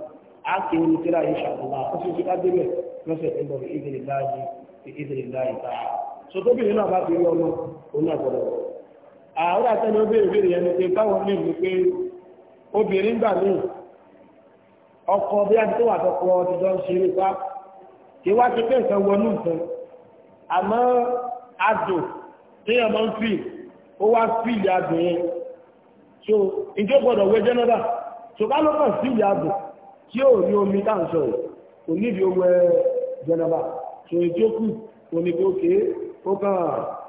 Speaker 1: á kí omi tíra yìí ṣàkóbá ó sì ti ká débẹ̀ lọ́sẹ̀ tó ń bọ̀ ìdílé láàyè ìdílé láàyè ta so tóbi nínú àbá ti rí ọmọ òun náà gbọdọ̀ àwọn àtẹnu obìnrin béèrè yẹn ni pé báwọn ní ìlú pé obìnrin gbà míì ọkọ bí adé tó wà tọkọ ti jọ ń ṣeré pa kí wá ti pé nǹkan wọnú nǹkan àmọ́ adùn téèyàn máa ń fi ó wá fíìlì adùn yẹn so ìjọ gbọ́dọ̀ wẹ jẹ́nẹ́bà so ká ló kàn fíìlì adùn tí ò ní omi tá ń sọ kò níbi ó wẹ jẹ́nẹ́bà so ètí ó kù kò níbi ó ké ó kàn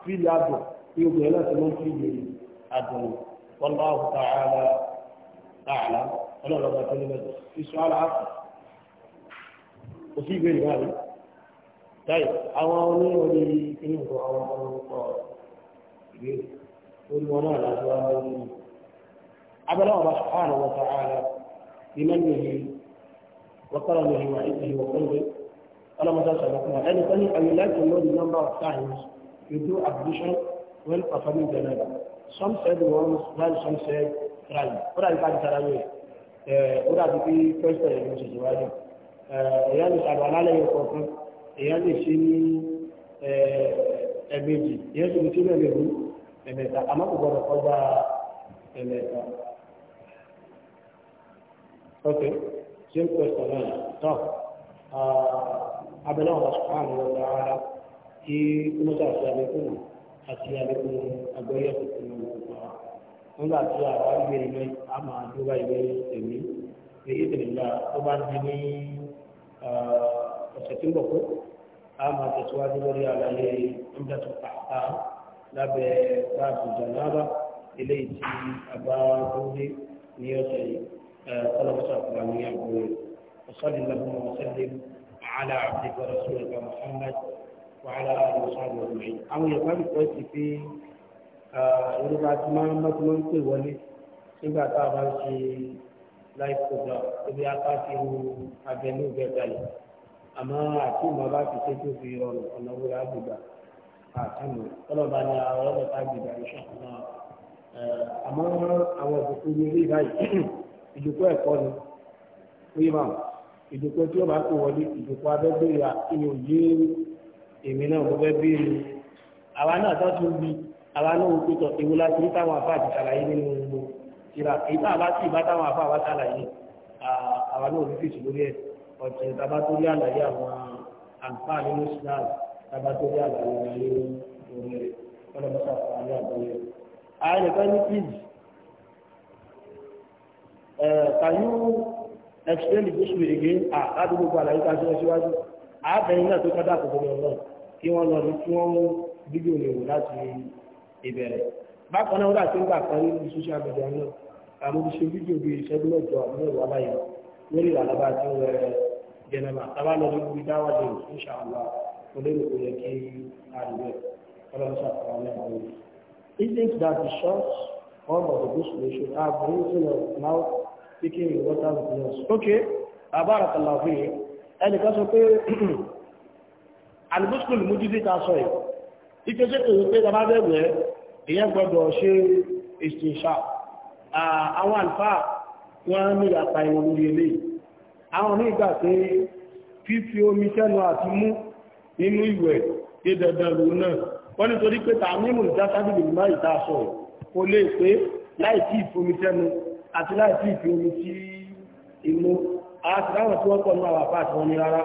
Speaker 1: fíìlì adùn ní obìnrin láti mọ́ fíìlì adùn wallahu ta'ala ta'ala ọlọ́ọ̀lọ́gbà tó ní mẹ́jọ ìṣọ́ àlá kò sí ìbéèrè báyìí táyì àwọn oníròyìn kìnnìkan àwọn ọmọ ọmọ ìbéèrè. والولاء الأزواج عبد الله سبحانه وتعالى بمنه وكرمه وعزه وقلبه قال ما تسأل لكم أن يكون أن لا تكون number of times you do ablution when performing the number. Some said once, while some said thrice. Ó dàbí ká di tarawih. first day pé pẹ́sítọ̀ rẹ̀ ló ṣe ṣèwádìí. Èèyàn lè ṣàdùn alálẹ̀ yẹn kọ̀ọ̀kan. Èèyàn lè ẹ̀mẹ̀ta àmọ́ kò gbọ́dọ̀ kọjá ẹ̀mẹ̀ta. ok same question náà tọ́ abẹ́lẹ́ ọ̀rọ̀ sùpáàmù ọ̀rọ̀ ara kí mọ́tò àti abẹ́kùn àti abẹ́kùn agbẹ́yẹ̀ tuntun náà nígbà tí àwa ń gbé ilé a máa dúró ilé tèmi èyí tèmi la ó bá ń di ní ọ̀sẹ̀ tí ń bọ̀ pé a máa tẹ̀síwájú lórí àlàyé ọ̀dàtúntà táà lábẹ́ báàbù jàǹdàbà eléyìí tí àbá wọlé ní ọ̀sẹ̀ yìí ọlọ́mọṣà fún àwọn ìyàwó rẹ̀ ọ̀sọ́lì lọ́kùnrin ọ̀sẹ́lẹ̀ àhálà àbdìkọ̀ rẹ̀sùn ẹ̀ka Muhammad wàhálà àdùnsọ́ọ̀lù ọ̀gbìn. àwọn yorùbá mi kọ́ sí pé yorùbá tí máa ń mọ́tò máa ń pè wọlé nígbà tá a bá ń ṣe life program ebi apá ti ru abẹnú bẹ́ẹ̀ báyìí àmọ́ àti ìmọ̀ bá fi ṣe tó fi rọrùn ọ̀nà wúrà àgbègbè àtúnú ọlọ́ba ni àwọn ọlọ́ta gbèdà iṣẹ́ ọ̀nà àmọ́ àwọn ìdòkó ní ilé ìbáyìí *clears throat* ìdòkó ẹ̀kọ́ ni ó yẹ máa ìdòkó tí ó bá kó wọlé ìdòkó abẹ́gbèrè àkíní òye èmi náà mo fẹ́ béèrè àwa náà tó tún bi àwa náà wò pé tọ̀ èwo la ti rí táwọn afá àti ṣàlàyé nínú gbogbo ìrà èyí tá a bá sì bá táwọn afá wa ṣàlàyé àwa náà ò ní fèsì lórí ẹ̀ ọ̀tẹ̀ ìtàbá tó rí àlàyé àwọn àǹfààní ní tabatori àgbàdo wọlé lórí rẹ̀ ọlọ́mọṣà àlẹ́ àgbọ̀lẹ̀. ààrẹ kan ní please can you explain the issue again ah láti gbogbo àlàyé ká ṣe síwájú àbẹ̀yìn náà tó kọ́dà kò gbọdọ̀ lọ kí wọ́n lọ kí wọ́n mú fídíò mi wò láti ìbẹ̀rẹ̀ bákan náà wọ́n dàtí ń gbà kan ní social media náà àwọn oṣù fídíò bíi ìṣẹ́jú mẹ́jọ àbúrò ìwà báyìí lórí ìlànà bá ti ń rẹ̀ jẹnẹmà tábà lọ sí ibi dáwà kò lérò kí àrùbẹ̀ ọlọ́run ṣàfihàn lẹ́nu rẹ̀. He thinks that the shots all of the gospel should have reason of now? speaking in water with nose. Okay, àbára kan làwọn yìí ẹnìkan sọ pé àlùbọ́sùkù lè mójú bí ta sọ yìí. Ike ṣe kò wípé ta bá bẹ̀rẹ̀ ìyẹn gbọ́dọ̀ ṣe ìṣìṣà. Àwọn àlùfáà wọ́n ní ìyàpá ìwọ̀n lórí eléyìí. Àwọn míì gbà pé fífi omi sẹ́nu àti mú nínú ìwẹ̀ tí dandan lòun náà wọ́n nítorí pé ta mímú ìdásájú lè má ìta sọ kò lè pé láì tí ìfomi tẹnu àti láì tí ìfomi tí inú àti láwọn tí wọ́n pọ̀ náà wà fà tí wọ́n ní rárá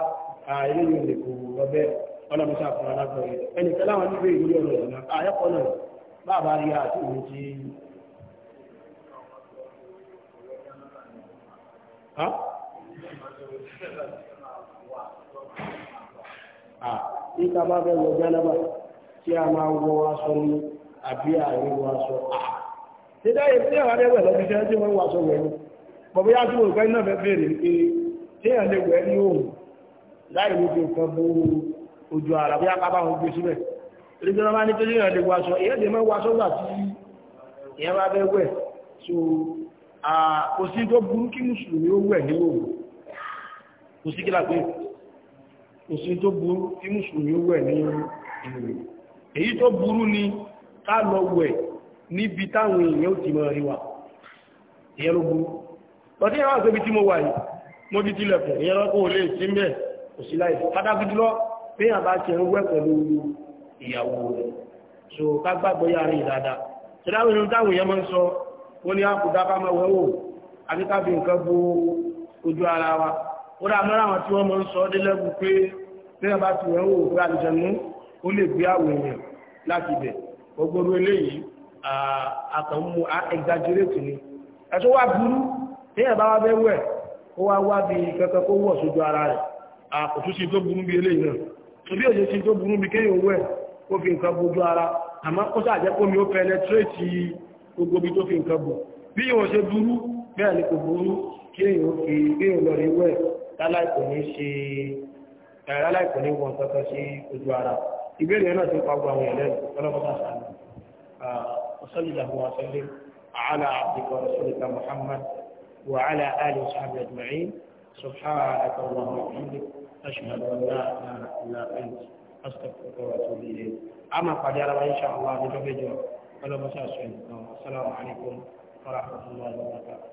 Speaker 1: àìrí yóò lè kò lọ́bẹ̀ ọlọ́mọṣà fún alágbọ̀n ẹnìkan láwọn níbi ìrírí ọ̀rọ̀ ìrìnà àyẹ́kọ́ náà bàbá rí àti ìwé tí Huh? ní ká bá fẹ́ wọ jánábà tí a máa wọ aṣọ ní àbí àìwọ aṣọ à. Títẹ́ yìí tí àwọn adẹ́wẹ̀ lọ́bí jẹ́ tí wọ́n wọ aṣọ wẹ̀ ní. Bọ̀bí yá tí olùkọ́ iná fẹ́ bèèrè pé tí èèyàn lè wẹ̀ ní òun láì ní nǹkan bó ojú ara bí apá báwọn gbé síbẹ̀. Ilé ìjọba máa ní kéde èèyàn lè wọ aṣọ. Èèyàn lè máa wọ aṣọ gbà tí èèyàn bá fẹ́ wẹ̀. So kò sí tó burú kí Mùsùlùmí ó wẹ̀ nílò òun. Kò sí kí kò sí tó burú tí mùsùlùmí ó wẹ̀ ní ìlú èyí tó burú ni ká lọ wẹ̀ níbi táwọn èèyàn ó ti mọ̀ rí wa ìyẹn ló burú tí mo wà yìí mo ti tilẹ̀kùn ìyẹn lọ́kọ́ ò lè sí mẹ́ kò sí láì pátákì jùlọ pé àbá ti ń wẹ̀ pẹ̀lú ìyàwó rẹ̀ so ká gbàgbọ́ yára ìdáadáa tí láwọn èèyàn ojú ara wa ó dá mọ́ra àwọn tí wọ́n mọ́ ń sọ dé lẹ́gbù pé tẹ́yà bá ti wọ́n wò pé àlùjẹ̀mú ó lè gbé àwọn èèyàn láti bẹ̀ gbogbo eléyìí àtàwọn exaggerate ni ẹ̀tọ́ wá burú tẹ́yà bá wá bẹ́ wẹ̀ ó wá wá bí kẹ́kẹ́ kó wọ̀ sójú ara rẹ̀ àkùtúsí tó burú bí eléyìí náà torí òṣè sí tó burú bí kéyìn owó ẹ̀ ó fi nǹkan bojú ara àmọ́ ó sàjẹ́ kó mi ó penetrate gbogbo bí tó fi nǹkan bò bí ìwọ̀n ṣe burú bẹ́ẹ̀ ni kò burú kéyìn lọ rí wẹ̀ láláìkò ní ṣe láláìkò ní wọn kankan sí ojú ara ìbéèrè náà ti pa gbàwọn ẹ̀lẹ́ ọlọ́mọdé àṣàlẹ̀ ọ̀sọ́lìlàhùn àṣẹlẹ̀ àhálà àbíkọ̀ rasulika muhammad wa ala ali sahabi ajma'in subhanaka allahumma wa bihamdik ashhadu an la ilaha illa anta astaghfiruka wa atubu ilayk ama pàdé ara wa insha allah ní lọ́gbẹ́jọ́ ọlọ́mọdé àṣẹlẹ̀ assalamu alaikum wa rahmatullahi wa barakatuh